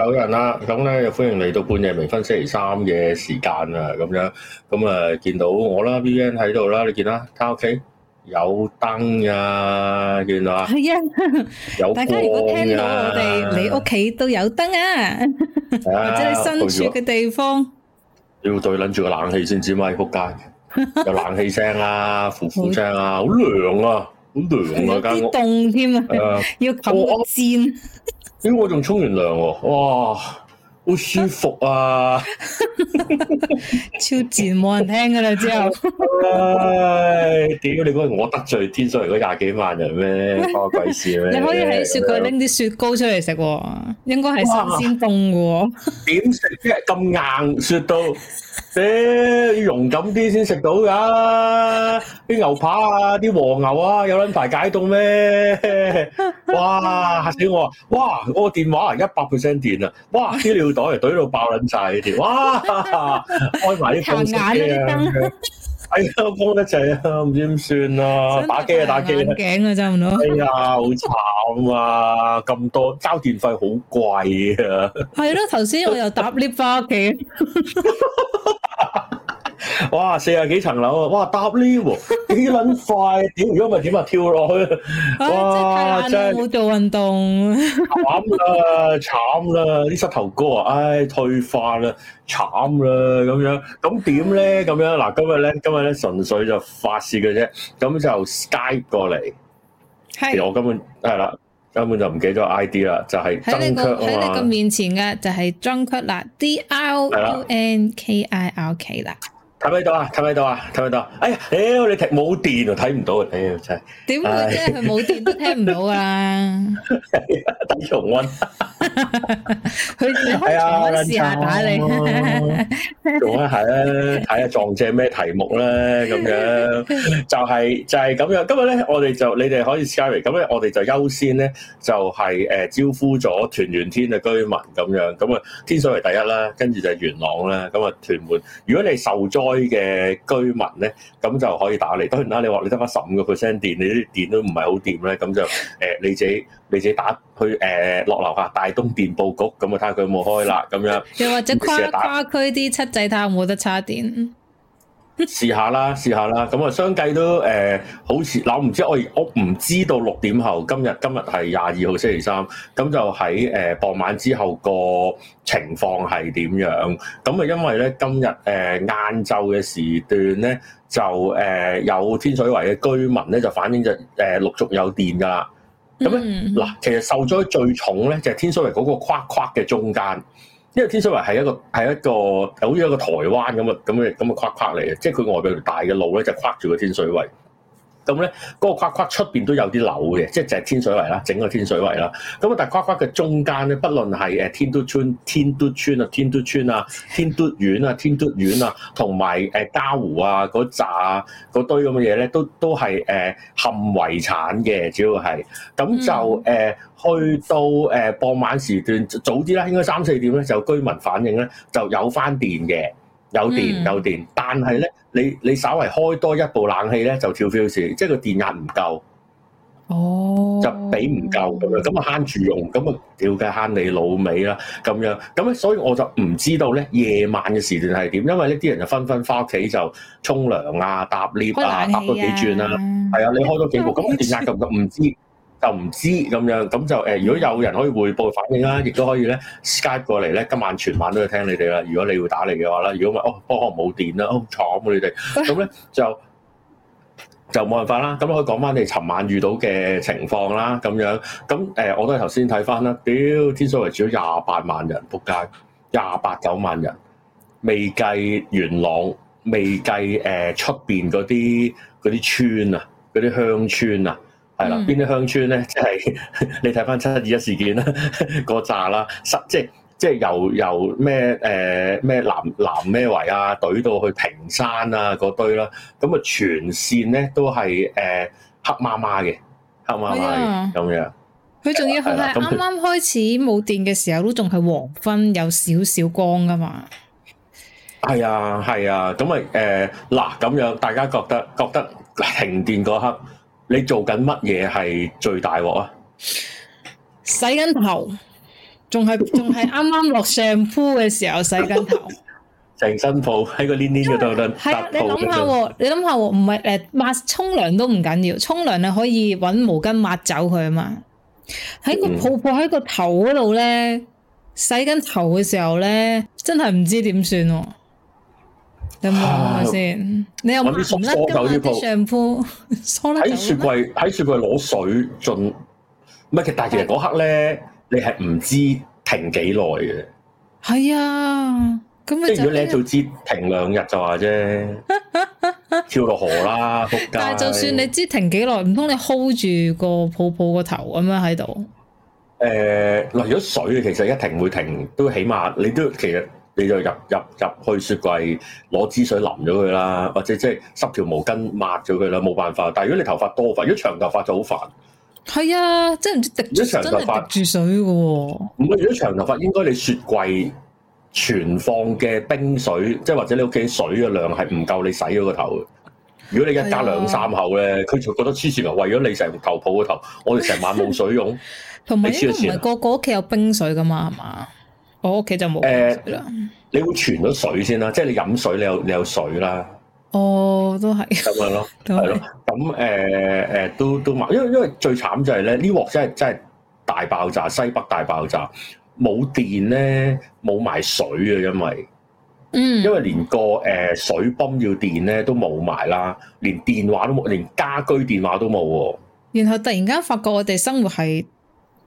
有 人啦、啊，咁咧又歡迎嚟到半夜微醺星期三嘅時間啊，咁樣咁啊，樣啊見到我啦，VVN 喺度啦，你見啦、啊，睇屋企有燈呀、啊，原來係呀，有大家如果聽到我哋， 你屋企都有燈啊，或者你身處嘅地方，啊、要對撚住個冷氣先至咪撲街有冷氣聲啊，呼呼聲啊，好涼啊，好涼啊間屋，凍添 啊，要冚個墊。 咦、哎！我仲沖完涼喎，哇，好舒服啊， 超賤冇人聽㗎喇之後，唉 、哎，屌、啊、你估我得罪天水圍嗰廿幾萬人咩？關我鬼事咩、啊？ 你可以喺雪櫃拎啲雪糕出嚟食、啊，應該係新鮮凍嘅。點食啫？咁硬雪都。 啫，欸、要勇敢啲先食到㗎、啊，啲牛扒啊，啲和牛啊，有撚排解凍咩？哇，嚇死我啊！哇，我個電話一百 percent 電啊！哇，資料袋嚟堆到爆撚晒！呢條，哇，開埋啲燈先～係啊，幫得齊啊，唔知點算啊，打機啊，打機啊，頸啊，真係，哎呀，好慘啊，咁多交電費好貴啊，係咯，頭先我又搭 lift 翻屋企。哇，四十幾層樓啊！哇，搭呢喎，幾撚快！屌，如果唔係點啊跳落去？啊！哇，真係好做運動，慘啦，慘啦，啲膝頭哥啊，唉，退化啦，慘啦，咁樣咁點咧？咁樣嗱，今日咧，今日咧，純粹就發泄嘅啫，咁就 Skype 過嚟，係我根本係啦，根本就唔記得 ID 啦，就係 Drunkirk 喺你個面前嘅就係 Drunkirk 啦，D R U N K I R K 啦。睇唔睇到啊？睇唔睇到啊？睇唔睇到？哎呀，屌你睇冇電啊！睇唔到啊！哎呀，真係點會啫？佢冇、哎哎、呀電都聽唔到、 哎哎、啊！低溫，佢係啊，試下打你。做一下啊，睇下撞借咩題目啦，咁樣就係、是、就係、是、咁樣。今日咧，我哋就你哋可以 share 咁咧我哋就優先咧就係、是、誒招呼咗屯元天嘅居民咁樣。咁啊，天水圍第一啦，跟住就係元朗啦。咁啊，屯門，如果你受災。區嘅居民咧，咁就可以打嚟。當然啦，你話你得返十五個 percent 電，你啲電都唔係好掂咧，咁就誒、呃、你自己你自己打去誒落、呃、樓下大東電報局咁啊，睇下佢有冇開啦咁樣。又或者跨跨區啲七仔睇下有冇得插電。試下啦，試下啦，咁啊，相繼都誒，好似嗱，唔、呃、知我我唔知道六點後今，今日今日係廿二號星期三，咁就喺誒、呃、傍晚之後個情況係點樣？咁啊，因為咧今日誒晏晝嘅時段咧，就誒、呃、有天水圍嘅居民咧就反映就誒、呃、陸續有電噶啦。咁咧嗱，mm hmm. 其實受災最重咧就係天水圍嗰個框框嘅中間。因為天水圍係一個,係一個好似一個台灣咁啊，咁嘅咁嘅框框嚟嘅，即係佢外邊大嘅路咧就係、框住個天水圍。咁咧，嗰個框框出邊都有啲樓嘅，即係就係、是、天水圍啦，整個天水圍啦。咁啊，但係框框嘅中間咧，不論係誒天都村、天都村啊、天都村啊、天都苑啊、天都苑啊，同埋誒嘉湖啊嗰扎啊嗰堆咁嘅嘢咧，都都係誒冚遺產嘅，主要係。咁就誒、呃、去到誒、呃、傍晚時段早啲啦，應該三四點咧，就居民反映咧就有翻電嘅。有電有電，但係咧，你你稍微開多一部冷氣咧，就跳 f u 即係個電壓唔夠，哦，就俾唔夠咁樣。咁啊慳住用，咁啊屌嘅慳你老味啦，咁樣，咁咧，所以我就唔知道咧夜晚嘅時段係點，因為呢啲人就紛紛翻屋企，就沖涼啊、搭 lift 啊、搭多、啊、幾轉啊，係啊，啊，你開多幾部，咁個 電壓夠唔夠？唔知。就唔知咁樣，咁就誒、呃，如果有人可以回報反應啦，亦都可以咧，Skype 過嚟咧，今晚全晚都要聽你哋啦。如果你會打嚟嘅話啦，如果唔係哦，幫我冇電啦，好慘啊你哋，咁咧就就冇辦法啦。咁可以講翻你哋尋晚遇到嘅情況啦，咁樣咁誒、呃，我都係頭先睇翻啦，屌，天水圍住咗廿八萬人，仆街，廿八九萬人，未計元朗，未計誒出邊嗰啲嗰啲村啊，嗰啲鄉村啊。係啦，邊啲鄉村咧，就係你睇翻七二一事件啦， 個炸啦，即係即係由由咩誒咩南南咩圍啊，懟到去屏山啊，嗰堆啦，咁啊全線咧都係誒黑麻麻嘅，黑麻麻咁樣。佢仲要係啱啱開始冇電嘅時候，都仲係黃昏有少少光噶嘛。係啊係啊，咁啊誒嗱咁樣，大家覺得覺得停電嗰刻你做緊乜嘢，係最大鑊啊？洗緊頭，仲係仲係啱啱落上鋪嘅時候洗緊頭，成 身泡喺個黏黏度。係你諗下，你諗下，啊，唔係誒抹沖涼都唔緊要緊，沖涼你可以搵毛巾抹走佢啊嘛。喺個泡泡喺個頭嗰度咧，洗緊頭嘅時候咧，真係唔知點算，啊。係咪先？你又孖衫跟住孖上褲，喺雪櫃喺雪櫃攞水進，唔係其實，但係其實嗰刻咧，你係唔知停幾耐嘅。係啊，咁即係如果你一早知停兩日就話啫，跳落河啦！仆街！ 但係就算你知停幾耐，唔通你 hold 住個泡泡個頭咁樣喺度？誒、呃，嚟咗水其實一停會停，都起碼你，你都其實。你就入入入去雪櫃攞支水淋咗佢啦，或者即係濕條毛巾抹咗佢啦，冇辦法。但係如果你頭髮多份，如果長頭髮就好煩。係啊，即係唔知滴到真係滴住水嘅。唔係，如果長頭髮，應該你雪櫃存放嘅冰水，即係或者你屋企水嘅量係唔夠你洗咗個頭嘅。如果你一家兩三口咧，佢、啊、就覺得黐線，為咗你成頭抱個頭，我哋成晚冇水用。同埋， 唔係個個屋企有冰水噶嘛？係嘛？我屋企就冇誒、呃，你會存咗水先啦，即係你飲水，你有你有水啦。哦，都係咁 樣咯，係 咯。咁誒誒，都都埋，因為因為最慘就係咧，呢鑊真係真係大爆炸，西北大爆炸，冇電咧，冇埋水嘅，因為，嗯，因為連個誒水泵要電咧都冇埋啦，連電話都冇，連家居電話都冇、嗯。然後突然間發覺我哋生活係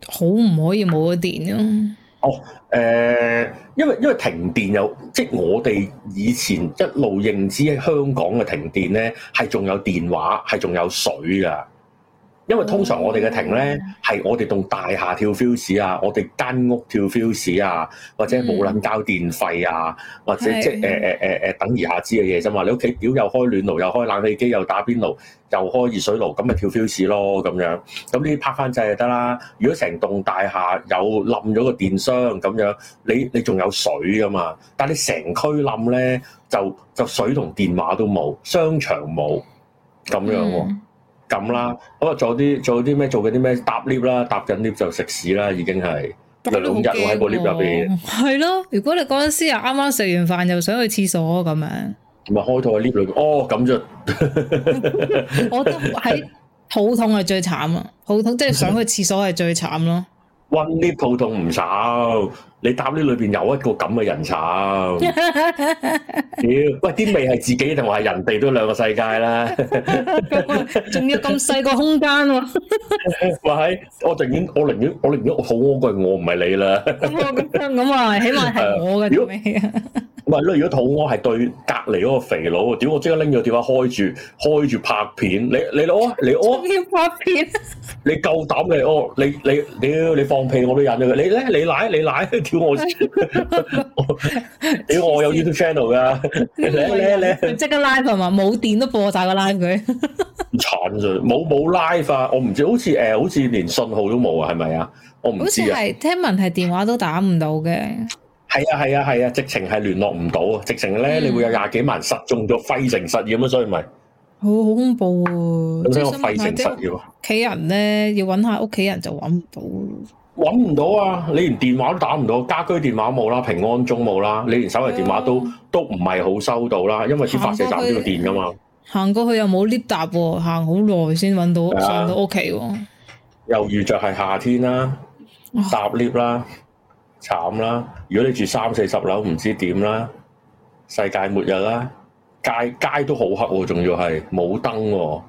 好唔可以冇電咯。哦，誒，oh, uh, 因為因為停電有，即係我哋以前一路認知喺香港嘅停電咧，係仲有電話，係仲有水㗎。因為通常我哋嘅停咧，係我哋棟大廈跳 fuse 啊，我哋間屋跳 fuse 啊，或者冇撚交電費啊，嗯、或者是即係誒誒誒誒等而下之嘅嘢啫嘛。你屋企屌又開暖爐，又開冷氣機，又打邊爐，又開熱水爐，咁咪跳 fuse 咯咁樣。咁呢啲拍翻掣就得啦。如果成棟大廈有冧咗個電箱咁樣，你你仲有水噶嘛？但係你成區冧咧，就就水同電話都冇，商場冇咁樣喎。嗯咁啦，咁啊，仲有啲，仲有啲咩，做緊啲咩搭 lift 啦，搭緊 lift 就食屎啦，已經係兩日咯喺個 lift 入邊。係咯，如果你陣時又啱啱食完飯又想去廁所咁樣，咪開台 lift 嚟哦，咁啫。 我都喺肚痛係最慘啊，肚痛即係想去廁所係最慘咯。 溫啲肚痛唔炒，你打啲裏邊有一個咁嘅人炒。屌！喂，啲味係自己同埋係人哋都兩個世界啦，仲要咁細個空間喎。唔係，我寧願，我寧願，我寧願好安貴， 我唔係你啦。咁啊咁啊，起碼係我嘅最啊。唔，如果肚屙係對隔籬嗰個肥佬，屌，我即刻拎咗個電話開住，開住拍片。你你啊？你屙，仲、哦、要、哦、 拍片？你夠膽嘅屙，你、哦、你屌你，你，你放屁我都忍咗佢。你咧你奶你奶，屌我屌 病 我有 YouTube channel 噶，你咧你即刻 live 係嘛？冇電都播晒個 live 佢 。慘就冇冇 live 化、啊，我唔知，好似誒、呃，好似連信號都冇啊？係咪啊？我唔好似係聽聞係電話都打唔到嘅。 係啊係啊係啊，直情係聯絡唔到啊！直情咧，你會有廿幾萬失蹤咗，費城實驗咁啊！所以咪好好恐怖喎！咁即係個費城實驗，屋企人咧要揾下屋企人就揾唔到，揾唔到啊！你連電話都打唔到，家居電話冇啦，平安鐘冇啦，啊、你連手提電話都都唔係好收到啦，因為啲發射站都要電㗎嘛、啊。行過去又冇 lift 搭喎，行好耐先揾到、啊、上到屋企喎。又遇著係夏天啦，搭 lift 啦。t heartbeat t 痛 después 慘啦！如果你住三四十樓，唔知點啦。世界末日啦，街街都好黑喎，仲要係冇燈喎。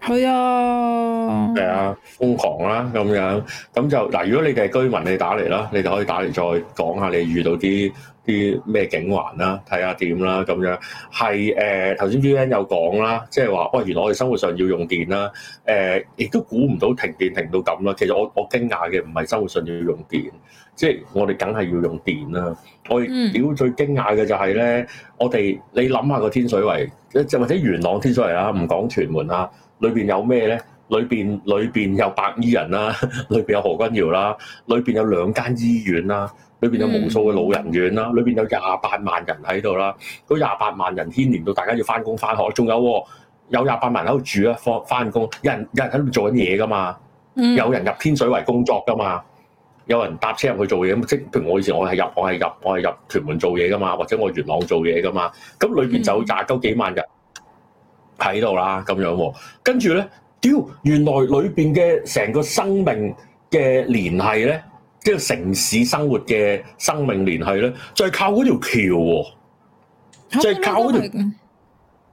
係啊，係啊，哎、呀啊，瘋狂啦、啊、咁樣咁就嗱。如果你哋係居民，你打嚟啦，你就可以打嚟再講下你遇到啲啲咩警環、啊看看啊呃、啦，睇下點啦咁樣。係誒，頭先 VN 有講啦，即係話喂，原來我哋生活上要用電啦、啊。誒、呃，亦都估唔到停電停到咁啦。其實我我驚訝嘅唔係生活上要用電。即係我哋梗係要用電啦！我哋屌最驚訝嘅就係咧，我哋你諗下個天水圍，就或者元朗天水圍啦，唔講屯門啦，裏邊有咩咧？裏邊裏邊有白衣人啦，裏邊有何君堯啦，裏邊有兩間醫院啦，裏邊有無數嘅老人院啦，裏邊、嗯、有廿八萬人喺度啦，嗰廿八萬人牽連到大家要翻工翻學，仲有有廿八萬喺度住啊，放翻工，有人有人喺度做緊嘢噶嘛，有人入天水圍工作噶嘛。嗯嗯有人搭車入去做嘢咁，即係譬如我以前我，我係入我係入我係入屯門做嘢噶嘛，或者我元朗做嘢噶嘛，咁裏邊就廿幾幾萬人喺度啦，咁樣喎。跟住咧，屌原來裏邊嘅成個生命嘅聯繫咧，即係城市生活嘅生命聯繫咧，就係靠嗰條橋喎，就係靠嗰條橋，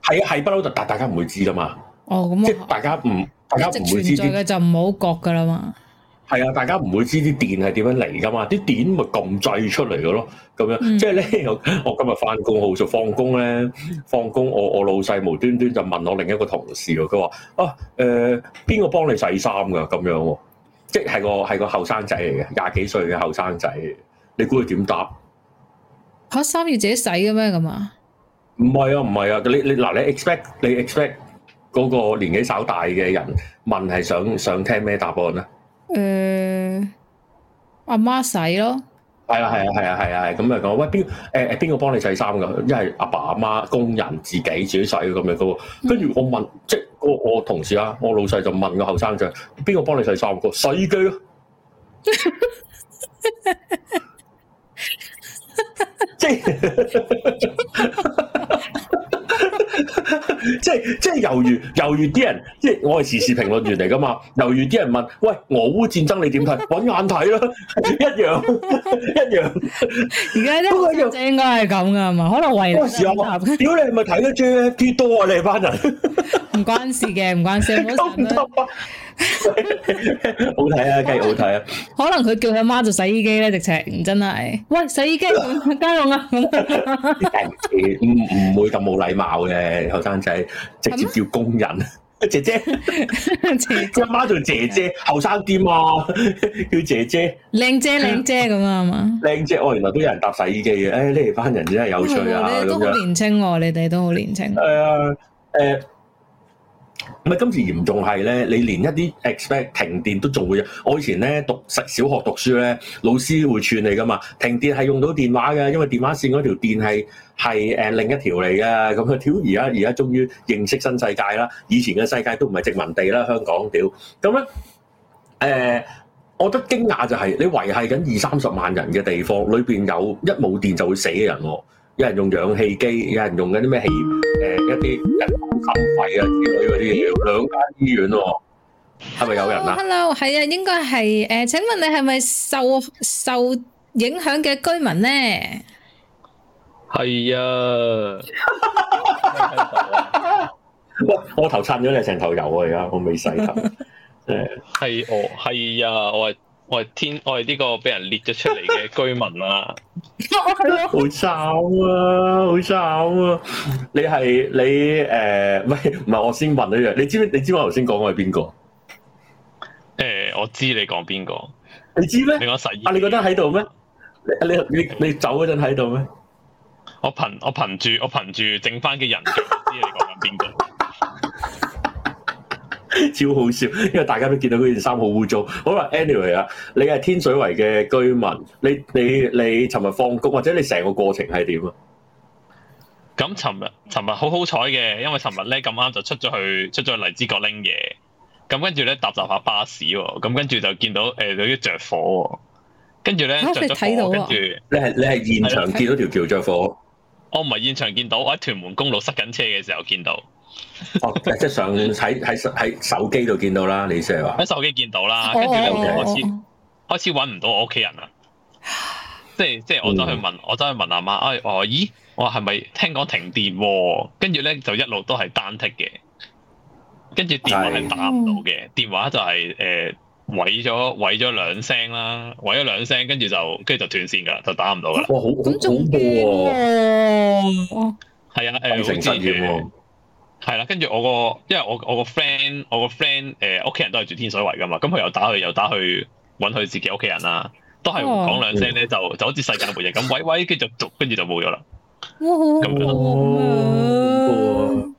係係不嬲，但但大家唔會知噶嘛。哦，咁即係大家唔大家唔會知嘅，哦，就唔好覺噶啦嘛。係啊，大家唔會知啲電係點樣嚟㗎嘛，啲電咪撳制出嚟嘅咯，咁樣即係咧。我今日返工好就放工咧，放工我我老細無端端就問我另一個同事，佢話啊誒，邊個幫你洗衫㗎？咁樣即係、就是、個係個後生仔嚟嘅，廿幾歲嘅後生仔，你估佢點答？吓，衫要自己洗嘅咩？咁啊。唔係啊，唔係啊！你你嗱，你，你 expect 你 expect 嗰個年紀稍大嘅人問係想想聽咩答案啊？誒，阿媽、uh, 洗咯，係啊係啊係啊係啊係，咁又講，喂，邊誒誒邊個幫你洗衫噶？因為，阿爸阿媽、工人、自己自己洗嘅，咁樣噶喎。跟住我問，即係我我同事啊，我老細就問個後生仔，邊個幫你洗衫？個洗衣機咯。即係。 即係即係，猶豫猶豫啲人，即係我係時事評論員嚟噶嘛？猶豫啲人問：喂，俄烏戰爭你點睇？搵眼睇咯，一樣一樣。而家呢個樣應該係咁噶嘛？可能為咗屌 你咪睇得最 JFP 多啊！你班人唔 關事嘅，唔關事， 好睇啊，梗係好睇啊！ 可能佢叫佢媽做洗衣機咧，直情真係，喂洗衣機家用啊！唔 唔 會咁冇禮貌嘅後生仔，直接叫工人啊嗎姐姐， 姐姐叫阿媽做姐姐，後生啲嘛，叫姐姐，靚姐靚姐咁啊嘛，靚姐哦，原來都有人搭洗衣機嘅，誒呢哋班人真係有趣啊！哎、你都好年輕，我你哋都好年輕，係啊、 哎，誒、哎。哎咁今次嚴重係咧，你連一啲 expect 停電都仲會。我以前咧讀實小學讀書咧，老師會串你噶嘛？停電係用到電話嘅，因為電話線嗰條電係係、呃、另一條嚟嘅。咁佢屌而家而家終於認識新世界啦！以前嘅世界都唔係殖民地啦，香港屌。咁咧誒，我覺得驚訝就係、是、你維係緊二三十萬人嘅地方，裏邊有一冇電就會死嘅人喎。有人用氧氣機，有人用緊啲咩氣誒，一啲人工心肺啊之類嗰啲嘢，兩間醫院喎，係咪有人啊？Hello，係啊，應該係誒，請問你係咪受受影響嘅居民咧？係啊，我我頭擦咗，你成頭油啊！而家我未洗頭，誒，係哦，係啊，我。我係天，我係呢個俾人列咗出嚟嘅居民啊，係咯，好慘啊，好慘啊！你係你誒，唔係唔係，我先問你樣，你知唔知？你知我頭先講我係邊個？誒、欸，我知你講邊個，你知咩？你講細啊？你覺得喺度咩？你你你你走嗰陣喺度咩？我憑我憑住我憑住整翻嘅人，我知你講緊邊個？超好笑，因為大家都見到嗰件衫好污糟。好啦 anyway 啊，anyway，你係天水圍嘅居民，你你你尋日放工或者你成個過程係點啊？咁尋、嗯、日尋日好好彩嘅，因為尋日咧咁啱就出咗去，出咗去荔枝角拎嘢。咁跟住咧搭搭下巴士，咁跟住就見到誒，有啲着火。跟住咧，嚇、啊、你睇是到？跟住著你係你係現場見到條橋着火。我唔係現場見到，我喺屯門公路塞緊車嘅時候見到。哦， 即係上喺喺喺手機度見到啦，你 s i 話喺手機見到啦，跟住咧我先開始揾唔到我屋企人啦。即係即係我走去問，嗯、我走去問阿媽，哎，我話咦，我係咪聽講停電、啊？跟住咧就一路都係單剔嘅，跟住電話係打唔到嘅，是嗯、電話就係、是、誒。呃毀咗毀咗兩聲啦，毀咗兩聲，跟住就跟住就斷線噶，就打唔到噶。哇、哦，好恐怖啊！係啊，誒，講成真嘅。係啦，跟住我個，因為我我個 friend，我個 friend，誒，屋企人都係住天水圍噶嘛，咁佢又打去，又打去搵佢自己屋企人啦，都係講兩聲咧，就就好似世界末日咁，喂喂，跟住就，跟住就冇咗啦。哇，好恐怖。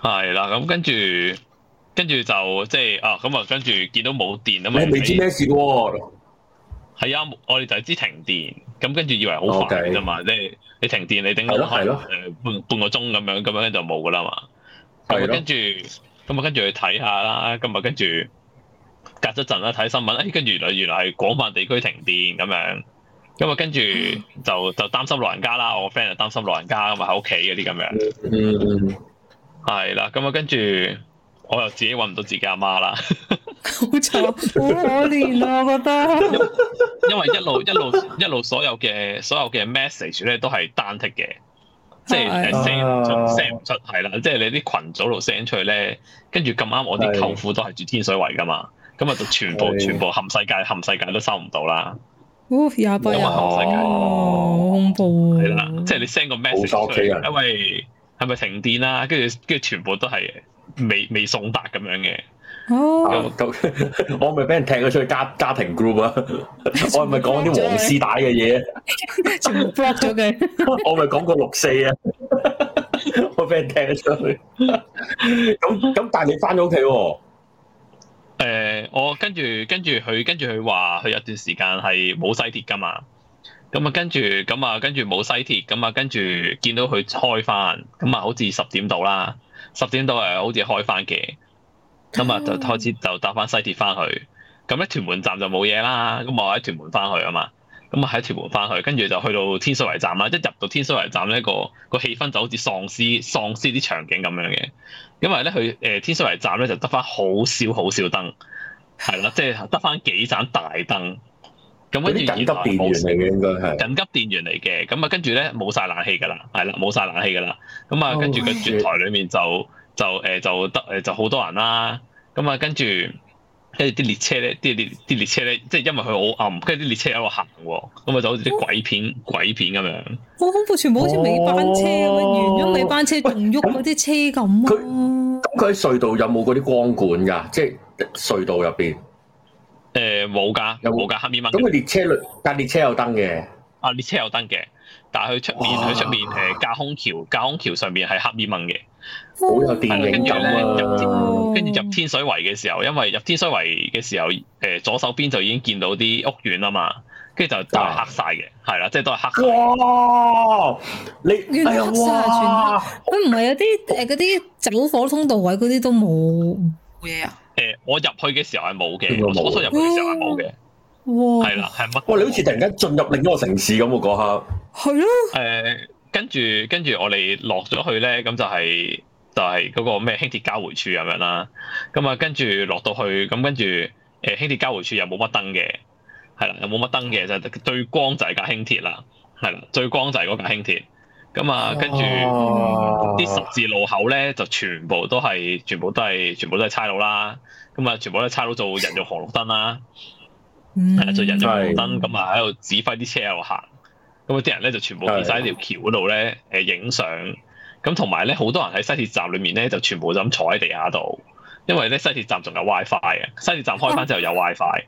係啦，咁跟、uh, 欸、住。_ LP repeats 跟住就即係啊，咁啊，跟住見到冇電啊嘛，你未知咩事喎？係啊，我哋就係知停電，咁跟住以為好煩啫嘛。即係 Okay. 你，你停電，你頂多開半半個鐘咁樣，咁樣就冇噶啦嘛。跟住咁啊，跟住去睇下啦。咁啊，跟住隔咗陣啦，睇新聞。哎，跟住原來原來係廣泛地區停電咁樣。咁啊，跟住就就擔心老人家啦。我 friend 就擔心老人家咪喺屋企嗰啲咁樣。嗯，係啦。咁啊，跟住。跟我又自己搵唔到自己阿媽啦，好慘，好可憐啊！我覺得，因為一路一路一路所有嘅所有嘅 message 咧都係單剔嘅，即係、oh, yeah. 啊、send 就 send 唔出，係啦，即係你啲群組度 send 出嚟咧，跟住咁啱我啲舅父都係住天水圍噶嘛，咁啊就全部全部冚世界冚世界都收唔到啦，哦、oh,，又冇、oh, 了，好恐怖啊！即係你 send 個 message 出去，因為係咪停電啦、啊？跟住跟住全部都係。未未送達咁樣嘅，oh. 我我咪俾人踢咗出去家家，家庭 group 啊！ 我係咪講啲黃絲帶嘅嘢？全咗佢。我咪講過六四啊， 我俾人踢咗出去。咁 咁 但係你翻咗屋企？誒、呃，我跟住跟住佢跟住佢話，佢有段時間係冇西鐵噶嘛。咁啊，跟住咁啊，跟住冇西鐵，咁啊，跟住見到佢開翻，咁啊，好似十點到啦。十點度係，好似開翻嘅，今日就開始就搭翻西鐵翻去，咁咧屯門站就冇嘢啦，咁我喺屯門翻去啊嘛，咁啊喺屯門翻去，跟住就去到天水圍站啦，一入到天水圍站咧、呢個個氣氛就好似喪屍喪屍啲場景咁樣嘅，因為咧佢誒天水圍站咧就得翻好少好少燈，係啦，即係得翻幾盞大燈。咁跟住緊急電源嚟嘅應該係緊急電源嚟嘅，咁啊跟住咧冇晒冷氣㗎啦，係啦冇晒冷氣㗎啦，咁啊跟住個轉台裡面就就誒就得誒就，就，就，就好多人啦，咁啊跟住跟住啲列車咧，啲列啲列車咧，即係因為佢好暗，跟住啲列車喺度行喎，咁啊就好似啲鬼片、哦、鬼片咁樣。好恐怖，全部好似尾班車咁，哦、完咗尾班車仲喐嗰啲車咁啊！咁佢喺隧道有冇嗰啲光管㗎？即係隧道入邊。誒，冇噶，有冇噶黑衣蚊？咁佢列車裏架列車有燈嘅，啊列車有燈嘅，但係佢出面，佢出面誒架空橋，架空橋上面係黑衣蚊嘅，好有電影咁啊！跟住入天水圍嘅時候，因為入天水圍嘅時候，誒左手邊就已經見到啲屋苑啦嘛，跟住就都係黑晒嘅，係啦，即係都係黑嘅。哇！你完全黑晒，全黑，佢唔係有啲誒嗰啲走火通道位嗰啲都冇嘢啊？我入去嘅時候係冇嘅，我所入去嘅時候係冇嘅。哇，係啦，係乜？哇，你好似突然間進入另一個城市咁喎，嗰刻係啊，誒、呃，跟住跟住我哋落咗去咧，咁就係、是、就係、是、嗰個咩輕鐵交匯處咁樣啦。咁啊，跟住落到去咁，跟住誒輕鐵交匯處又冇乜燈嘅，係啦，又冇乜燈嘅，就最、是、光就係架輕鐵啦，係啦，最光就係嗰架輕鐵。咁啊，跟住啲十字路口咧，就全部都係，全部都係，全部都係差佬啦。咁啊，全部都差佬做人肉紅綠燈啦，係啊，做人用紅綠燈，咁啊喺度指揮啲車喺度行，咁啲人咧就全部跌晒喺條橋嗰度咧，誒影相，咁同埋咧好多人喺西鐵站裏面咧就全部就咁坐喺地下度，因為咧西鐵站仲有 WiFi 嘅，西鐵站開翻之後有 WiFi，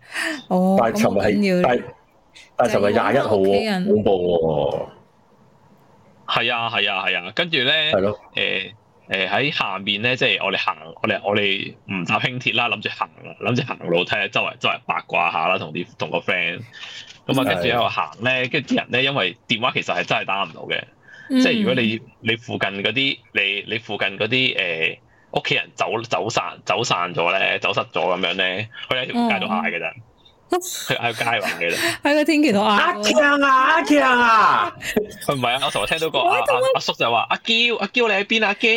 但係尋日係，但係尋日廿一號喎，恐怖喎，係啊係啊係啊，跟住咧係咯，誒。誒喺、呃、下面咧，即係我哋行，我哋我哋唔搭輕鐵啦，諗住行，諗住行路睇下周圍周圍八卦下啦，同啲同個 friend。咁啊，跟住喺度行咧，跟住啲人咧，因為電話其實係真係打唔到嘅，即係如果你你附近嗰啲你你附近嗰啲誒屋企人走走散走散咗咧，走失咗咁樣咧，佢喺條街度嗌嘅咋。佢喺街玩嘅啫，喺個天橋啊！阿強啊，阿強啊，唔係啊， 我噚日聽到過啊，阿、啊啊啊、叔，叔就話阿嬌，阿嬌你喺邊啊？嬌，即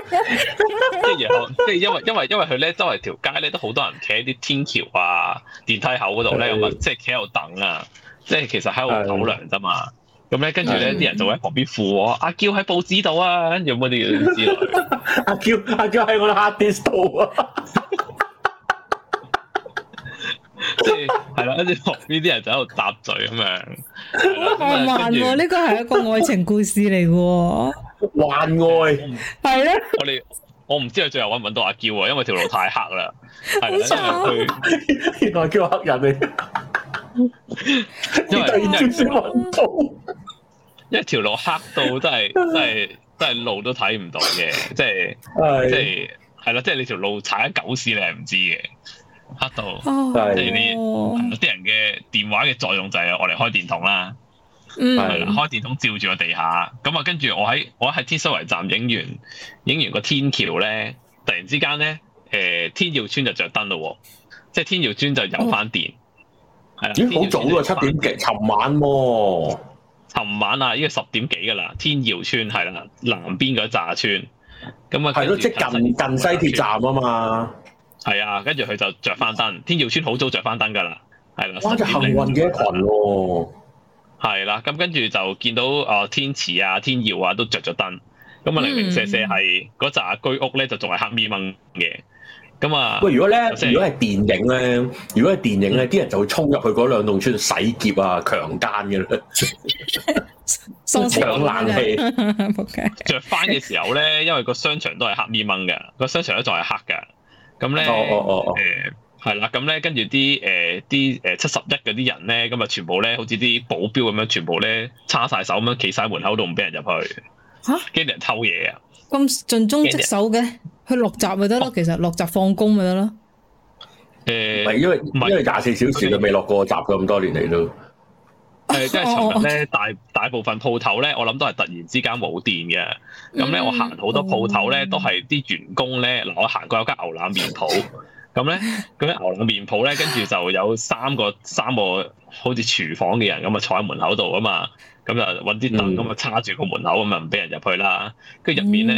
係 因為因為因為佢咧周圍條街咧都好多人企喺啲天橋啊、電梯口嗰度咧，有是、嗯、即係企喺度等在在是啊，即係其實喺度抖涼啫嘛。咁咧跟住咧啲人就喺旁邊扶我。阿嬌喺報紙度啊，有冇啲之類？阿嬌阿嬌喺我哋 hard disk 度啊！係啦，跟住旁邊啲人就喺度搭嘴咁樣。浪漫呢個係一個愛情故事嚟嘅，幻愛係啊。我哋我唔知係最後揾唔揾到阿嬌啊，因為條路太黑啦。佢原來叫黑人嚟。因為即係唔揾到，一條路黑到真係真係真係路都睇唔到嘅，即係即係，係啦，即係你條路踩喺狗屎你係唔知嘅。黑到，即係啲人嘅電話嘅作用就係我哋開電筒啦，係啦、mm.，開電筒照住個地下。咁啊，跟住我喺我喺天秀圍站影完影完個天橋咧，突然之間咧，誒、呃、天耀村就着燈咯，即係天耀村就有翻電，係啊。好早啊，七點幾？琴晚，琴晚啊，依家十點幾噶啦。天耀村係啦，南邊嗰紮村，咁啊係咯，即的近近，近西鐵站啊嘛。嗯係啊，跟住佢就着翻燈。天耀村好早着翻燈噶啦，係啦。哇，翻咗幸運嘅群咯。係啦，咁跟住就見到啊天慈啊天耀啊都着咗燈。咁啊零零舍舍係嗰紮居屋咧就仲係黑咪掹嘅。咁啊，如果咧，如果係電影咧，如果係電影咧，啲人就會衝入去嗰兩棟村洗劫啊、強奸噶啦，搶冷氣。着翻嘅時候咧，因為個商場都係黑咪掹嘅，個商場咧仲係黑噶。咁咧，誒係啦，咁咧跟住啲誒啲誒七十一嗰啲人咧，咁啊全部咧好似啲保鏢咁樣，全部咧叉晒手咁樣企晒門口都唔俾人入去。嚇！驚人偷嘢啊！咁盡忠職守嘅，去落閘咪得咯，哦、其實落閘放工咪得咯。誒、嗯，唔係因為因為廿四小時就未落過閘咁多年嚟咯。誒，即係尋日咧，大大部分鋪頭咧，我諗都係突然之間冇電嘅。咁咧、嗯，我行好多鋪頭咧，都係啲員工咧。嗱，我行過有間牛腩麵鋪，咁咧， 咁牛腩麵鋪咧，跟住就有三個三個好似廚房嘅人咁啊，坐喺門口度啊嘛，咁就搵啲凳咁啊，叉住個門口咁啊，唔俾人入去啦。跟住入面咧，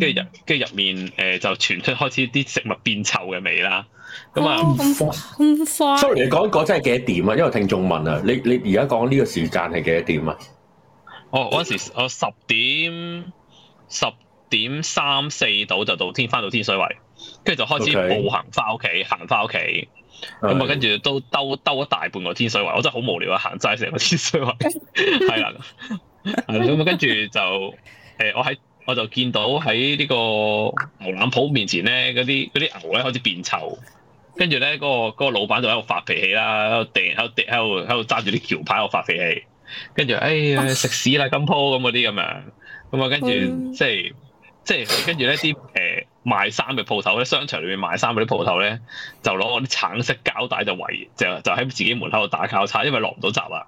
跟住入跟住入面誒，呃、面就傳出開始啲食物變臭嘅味啦。咁啊，Sorry，你講嗰真係幾多點啊？因為聽眾問啊，你你而家講呢個時間係幾多點啊？哦，我陣時我十點十點三四度就到天翻到天水圍，跟住就開始步行翻屋企，行翻屋企。咁啊的，跟住都兜兜一大半個天水圍，我真係好無聊啊，行晒成個天水圍。係啦， 咁、嗯、啊，跟住就誒、欸，我喺我就見到喺呢個牛腩鋪面前咧，嗰啲啲牛咧開始變臭。跟住咧，嗰個、嗰個老闆就喺度發脾氣啦，喺度掟，喺度喺度喺度揸住啲橋牌喺度發脾氣。跟住，哎食屎啦金鋪咁嗰啲咁樣。咁啊，跟住即係即係，跟住咧啲誒賣衫嘅鋪頭咧，商場裏面賣衫嗰啲鋪頭咧，就攞嗰啲橙色膠帶就圍，就就喺自己門口度打交叉，因為落唔到閘啊。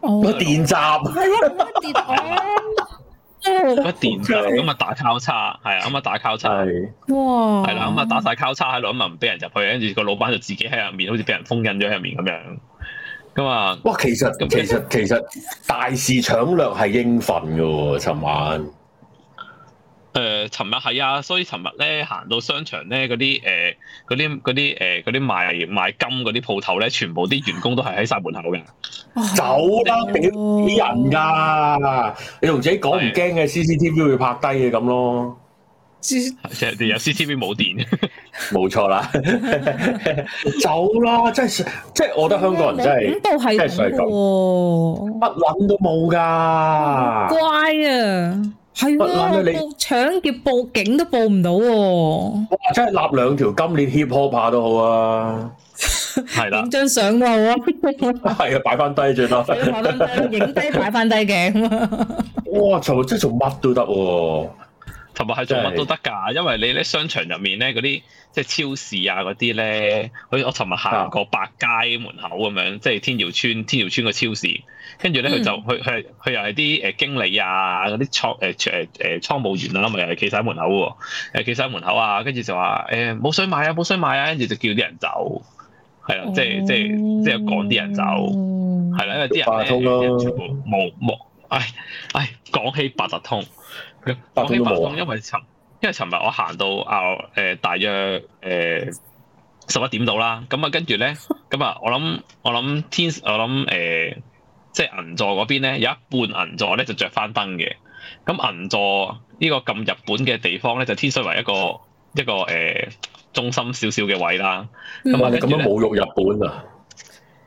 哦，電閘，係喎， 電閘。個電掣咁啊打交叉，係啊咁啊打交叉，哇是，係啦咁啊打曬交叉喺度，咁啊唔俾人入去，跟住個老闆就自己喺入面，好似俾人封印咗喺入面咁樣，咁啊，哇，其實樣其實， 其實其實大肆搶掠係應份噶，尋晚。誒，尋、呃、日係啊，所以尋日咧行到商場咧，嗰啲誒，啲啲誒，啲賣賣金嗰啲鋪頭咧，全部啲員工都係喺晒門口嘅、啊，走啦畀啲人㗎。你同自己講唔驚嘅，CCTV 是的 會拍低嘅咁咯。C 即係有 CCTV 冇電、啊，冇 錯啦。 走啦，真係，即係我覺得香港人真係、嗯，真係衰到，乜撚都冇㗎、啊嗯。乖啊！係，搶劫、啊、報警都報唔到、啊。真係立兩條金鏈 hip hop 扒都好啊，係啦，影張相都好啊。係啊，擺翻低最多，影低擺翻低鏡。哇，做真做乜都得。琴日係做乜都得㗎，因為你咧商場入面咧嗰啲即係超市啊嗰啲咧，好似、嗯、我尋日行過百佳門口咁樣，即係、嗯、天耀村天耀村個超市，跟住咧佢就佢佢佢又係啲誒經理啊嗰啲倉誒誒誒倉務員咁咪又係企晒喺門口喎，企晒喺門口啊，跟住就話誒冇水買啊冇水買啊，跟住、啊、就叫啲人走，係啦、即係即係，即係即係即係趕啲人走，係啦，因為啲人全部冇冇，唉唉，講、哎哎、起八達通。講起白光，因為尋因為尋日我行到啊，誒，大約誒十一點到啦。咁啊，跟住咧，咁啊，我諗我諗天，我諗誒、呃，即係銀座嗰邊咧有一半銀座咧就着翻燈嘅。咁銀座呢銀座這個咁日本嘅地方咧，就天水圍一個一個誒、呃、中心少少嘅位啦。咁啊，你咁、嗯、樣侮辱日本啊！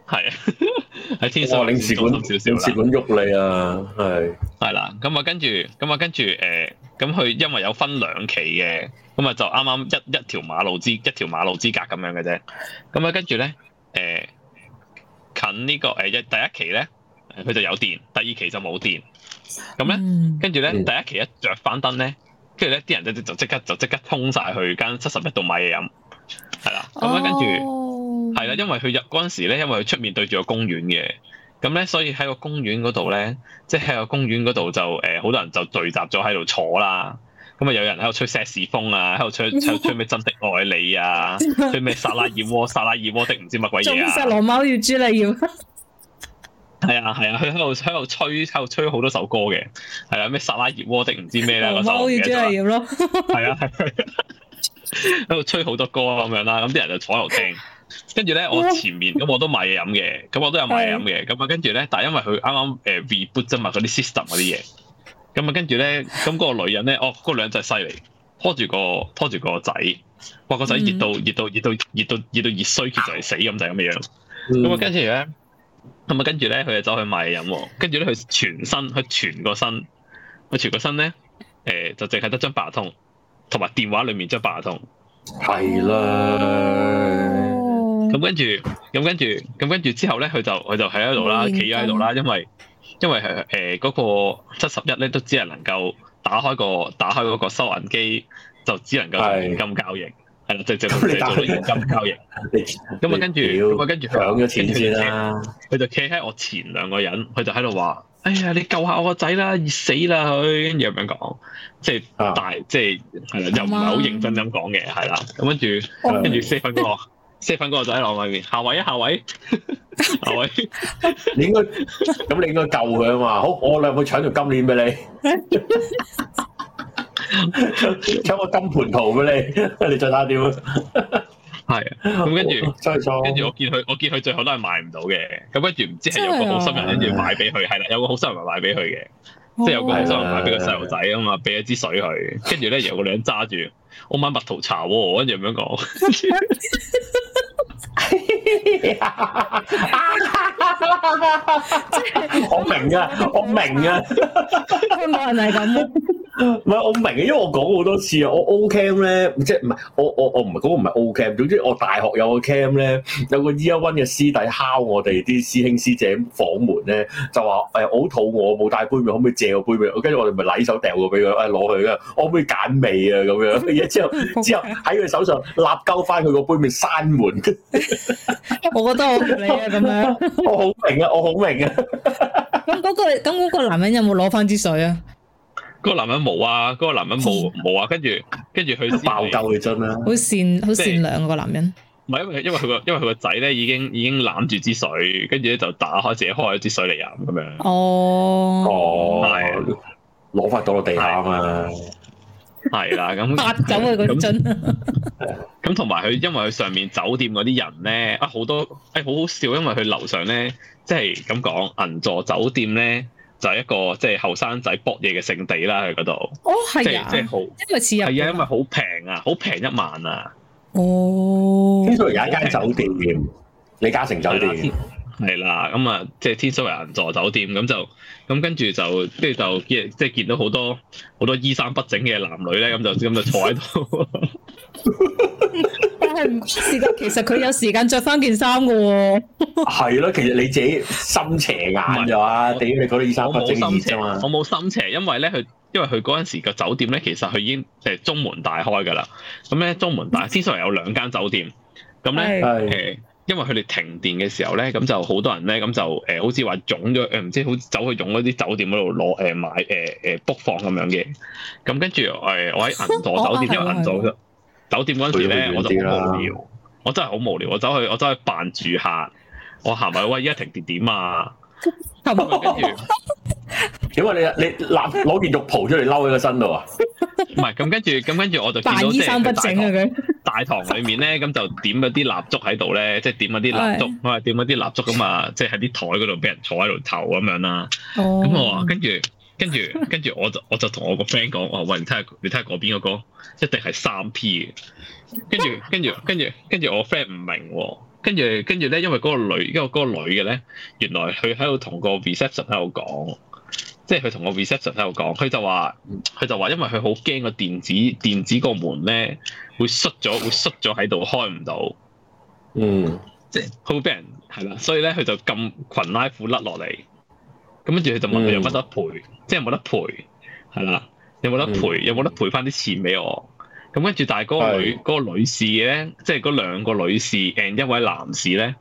係啊，喺 天水。領事館少少，領事館喐你啊，係。係 啦樂，咁、嗯、啊，跟住，咁 啊樂，跟住，誒，咁佢因為有分兩期嘅，咁啊，就啱啱一一條馬路之一條馬路之隔咁樣嘅啫。咁啊，跟住咧，誒，近呢個誒一第一期咧，佢就有電，第二期就冇電。咁咧，跟住咧，第一期一着翻燈咧，跟住咧，啲人就即刻就即刻沖晒去間七十一度買嘢飲，係、嗯、啦。咁、嗯、啊，跟、嗯、住。係啦、嗯，因為佢入嗰陣時咧，因為佢出面對住個公園嘅，咁咧，所以喺個公園嗰度咧，即、就、係、是、個公園嗰度就誒，好、呃、多人就聚集咗喺度坐啦，咁啊，有人喺度吹色士風啊，喺度吹吹咩真的愛你啊，吹咩薩拉熱窩薩拉熱窩的唔知乜鬼嘢啊，仲有龍貓與茱麗葉，係啊係啊，佢喺度喺度吹喺度吹好多首歌嘅，係啊咩薩拉熱窩的唔知咩咧，龍貓與茱麗葉咯，係啊係喺度吹好多歌咁樣啦，咁啲人就坐喺度聽。 跟住咧，我前面咁我都買嘢飲嘅，咁我都有買嘢飲嘅，咁啊跟住咧，但係因為佢啱啱誒 reboot 啫嘛，嗰啲 system 嗰啲嘢，咁啊跟住咧，咁嗰個女人咧，哦，嗰兩隻犀利，拖住個拖住個仔，哇，個仔熱到、嗯、熱到熱到熱到熱到熱衰，其實就係死咁就係咁嘅樣，咁啊跟住咧，咁啊跟住咧，佢就走去買嘢飲，跟住咧佢全身佢全個身佢全個身咧誒、呃、就淨係得張八達通同埋電話裡面張八達通，係啦。咁跟住，咁跟住，咁跟住之後咧，佢就佢就喺度啦，企喺度啦，因為因為係誒嗰個七十一咧，都只係能夠打開個打開嗰個收銀機，就只能夠現金交易，係啦，直接用金交易。咁啊，跟住咁跟住搶咗錢先啦。佢就企喺我前兩個人，佢就喺度話，哎呀，你救下我個仔啦，熱死啦！佢跟住咁樣講，即係大，即係係啦，又唔係好認真咁講嘅，係啦。咁跟住，跟住四分。即係粉哥就喺我外面，下位啊下位，下位，你應該咁你應該救佢啊嘛。好，我兩部搶條金鏈俾你，搶個金蟠桃俾你，你再打掉啊。係咁，跟住跟住我見佢，我見佢最後都係賣唔到嘅。咁跟住唔知係有個好心人跟住買俾佢，係啦，有個好心人買俾佢嘅，即係有個好心人買俾個細路仔啊嘛，俾一支水佢，跟住咧有個女人揸住。我買蜜桃茶喎，啊，跟住咁樣講 我明㗎，我明㗎，香港人係咁。唔係 我唔明嘅，因為我講好多次啊。我 O cam 咧，即係唔係我我我唔係嗰個唔係 O cam。總之我大學有個 cam 咧，有個 year one 嘅師弟敲我哋啲師兄師姐房門咧，就話誒、哎，我好肚餓，冇帶杯麵，可唔可以借杯麵個杯麵？跟、哎、住我哋咪禮手掉個俾佢，誒，攞佢啊，可唔可以揀味啊？咁樣，之後之後喺佢手上立鳩翻佢個杯麵閂門。 我覺得好你啊，咁樣。 我好明啊，我好明啊。咁 嗰、嗰個，咁個男人有冇攞翻支水啊？嗰個男人冇啊！嗰個男人冇冇啊！跟住跟住佢爆鳩佢樽啊。好善好善良個、啊、男人。唔係，因為因為佢個因為佢個仔咧已經已經攬住支水，跟住咧就打開自己開咗支水嚟飲咁樣。哦哦、oh. 了，攞翻到落地下啊嘛，係啦，咁拍 走佢個樽。咁同埋佢因為佢上面酒店嗰啲人咧啊好多誒好、哎、好笑，因為佢樓上咧即係咁講銀座酒店咧。就係一個即係後生仔搏嘢嘅聖地啦，去嗰度。哦，係啊，即係好，因為似入係啊，因為好平啊，好平一萬啊。哦，跟住有一間酒店，李嘉誠酒店。係啦，咁啊，即係天水圍人座酒店，咁就咁跟住就，跟住就即係即係見到好多好多衣衫不整嘅男女咧，咁就咁就坐喺度。但係唔關事噶，其實佢有時間着翻件衫噶。係咯、 啊，其實你自己心邪眼咗啊！對你嗰啲衣衫不整，我冇心， 心邪，因為咧佢因為佢嗰陣時個酒店咧，其實佢已經誒中門大開噶啦。咁咧中門大，天水圍有兩間酒店，咁咧誒。因為佢哋停電嘅時候咧，咁就好多人咧，咁、呃呃、就誒好似話湧咗誒，唔知好似走去湧嗰啲酒店嗰度攞誒買誒誒 book 房咁樣嘅。咁跟住誒，我喺銀座酒店，因為銀座酒店嗰陣時咧，係係係我就好無聊，我真係好無聊。我走去我走去扮住客，我行埋，喂，依家停電點啊？跟住點啊？你你攞攞件浴袍出嚟摟喺個身度 啊？唔係，咁跟住咁跟住我就見到即大堂裏面咧，咁就點咗啲蠟燭喺度咧，即係點咗啲蠟燭，我話點咗啲蠟燭咁嘛，即係喺啲台嗰度俾人坐喺度唞咁樣啦。咁我話跟住，跟住，跟住，我就我就同我個 friend 講，我話喂，你睇下，你睇下嗰邊個講，一定係三 P。跟住，跟住，跟住，跟住我 friend 唔明喎。跟住，跟住咧，因為嗰個女，因為嗰個女嘅咧，原來佢喺度同個 reception 喺度講。即係佢同我 reception 喺度講，佢就話佢就話，因為佢好驚個電子電子個門咧會縮咗，會縮咗喺度開唔到。嗯，即係佢會俾人係啦，所以咧佢就撳裙拉褲甩落嚟。咁跟住佢就問佢有冇得賠，嗯、即係冇得賠係啦。有冇得賠？嗯、有冇得賠翻啲錢俾我？咁跟住，但係嗰個女嗰的個女士咧，即係嗰兩個女士，and 一位男士咧，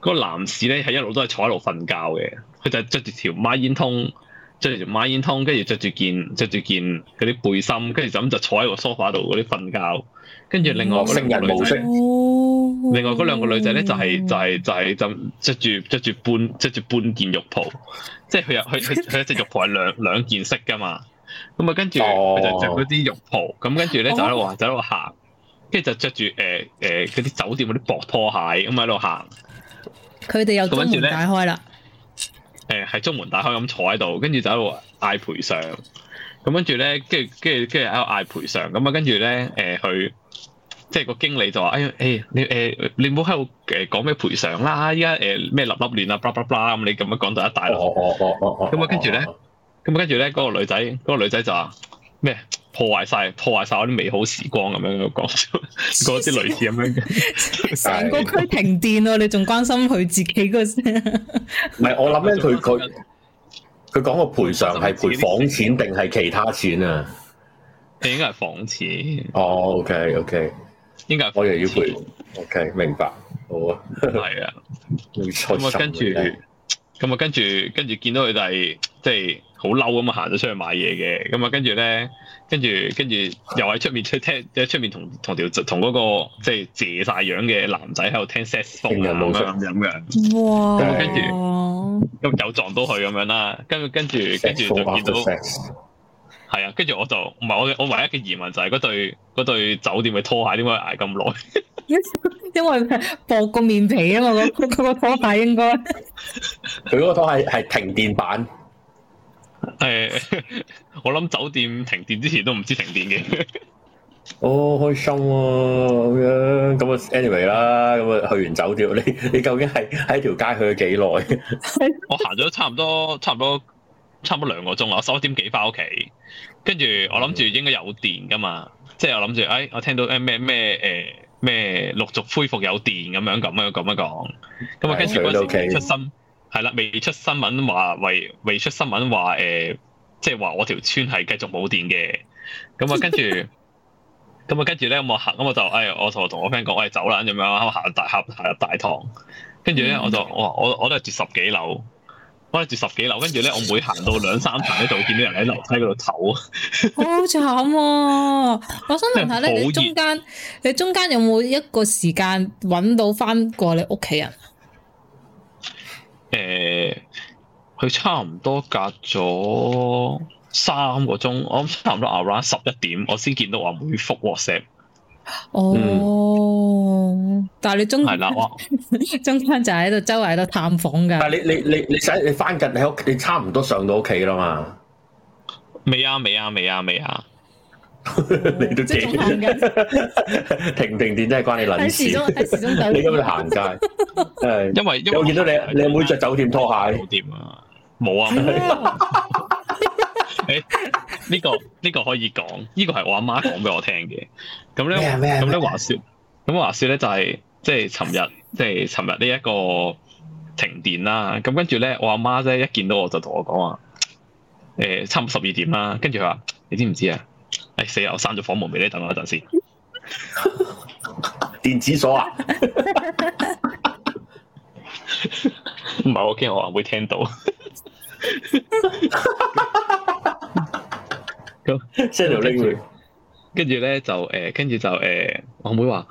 嗰、嗰個男士咧係一路都係坐喺度瞓覺嘅，佢就着住條孖煙通。着住孖煙通，跟住着住件着住件嗰啲背心，跟住就咁就坐喺個梳化度嗰啲瞓覺。跟住另外兩個女仔，嗯、另外嗰兩個女仔咧就係、係、就係、係、就係、係、咁着住着住半着住半件浴袍，即係佢有佢佢佢隻浴袍係兩兩件色噶嘛。咁啊跟住佢就着嗰啲浴袍。咁跟住咧就喺度、哦、就喺度行，跟住就着住誒誒嗰啲酒店嗰啲薄拖鞋，咁喺度行。佢哋又都唔解開啦。誒喺、呃、中門大開咁坐喺度，跟住就喺度嗌賠償。咁跟住咧，跟住跟住跟住喺度嗌賠償。咁、呃、啊，跟住咧誒，佢即係個經理就話：誒、哎、誒、哎，你誒、呃、你唔好喺度誒講咩賠償啦！依家誒咩立立亂啦，巴拉巴拉咁你咁樣講就一大輪。咁啊，跟住咧，咁啊跟住咧，嗰個女仔嗰、嗰個女仔就話咩？破壞晒，破壞晒我啲美好時光，咁樣講講啲類似咁樣嘅，成個區停電啊！ 你仲關心佢自己個聲？唔係 我諗咧，佢佢佢講個賠償係賠房錢定係其他錢啊？應該係房錢哦。 錢 oh, OK OK， 應該係我又要賠。OK， 明白，好啊。係啊，要出啊，跟住。咁啊，跟住跟住見到佢就係即係好嬲咁啊，行咗出去買嘢嘅。咁啊，跟住咧，跟住跟住又喺出面聽聽喺出面同同條同嗰個即係邪晒樣嘅男仔喺度聽 sex song 啊咁樣。哇！跟住咁又撞到佢咁樣啦。跟跟住跟住就見到。係啊，跟住我就唔係我我，唯一嘅疑問就係嗰對對酒店嘅拖鞋點解挨咁耐？ 因為薄過麵皮啊嘛，嗰、嗰、嗰、個嗰個拖鞋應該佢嗰個拖鞋係停電版誒， 我諗酒店停電之前都唔知停電嘅。好、 哦、開心啊！咁樣咁啊，Anyway 啦，咁啊，去完酒店，你你究竟係喺條街去咗幾耐？ 我行咗差唔多，差唔多。差唔多兩個鐘啊！我十一點幾翻屋企，跟住我諗住應該有電噶嘛，即係我諗住，哎，我聽到誒咩咩誒咩陸續恢復有電咁樣咁樣咁樣講，咁啊跟住嗰時未出新，係啦，未出新聞話未未出新聞話誒，即係話我條村係繼續冇電嘅，咁啊跟住，咁啊跟住咧，咁我行咁我、哎、我，我，我，我，我就，哎，我同我同我 friend 講，我哋走啦咁樣，我行大廈行入大堂，跟住咧我就我我我都係住十幾樓。我住十幾樓，跟住咧，我每行到兩三層咧，度，見到人喺樓梯嗰度唞啊！好慘！我想問下咧，你中間，你中間有冇一個時間搵到翻過你屋企人？誒、欸，佢差唔多隔咗三個鐘，我諗差唔多 around 十一點，我先見到我妹覆 WhatsApp。哦，但係你中係啦，中間就喺度周圍度探訪噶。但係你你你你使你翻近你屋，你差唔多上到屋企啦嘛？未啊未啊未啊未啊！你都正常噶。停停電真係關你撚事。你都喺度行街，係因為我見到你你阿妹着酒店拖鞋。酒店啊，冇啊。呢、 這個呢、這個可以講，呢、這個係我阿媽講俾我聽嘅。咁咧，咁咧 什話說，咁話說咧就係、是，即係尋日，即係尋日呢一個停電啦。咁跟住咧，我阿媽咧一見到我就同我講話，誒、欸，差唔多十二點啦。跟住佢話，你知唔知啊？哎死啊！我閂咗房門未呢，等我一陣先。 電子鎖啊？唔 係 我驚我阿妹聽到。 咁 send 拎佢，跟住咧就誒，跟、呃、住就誒、呃，我阿妹話，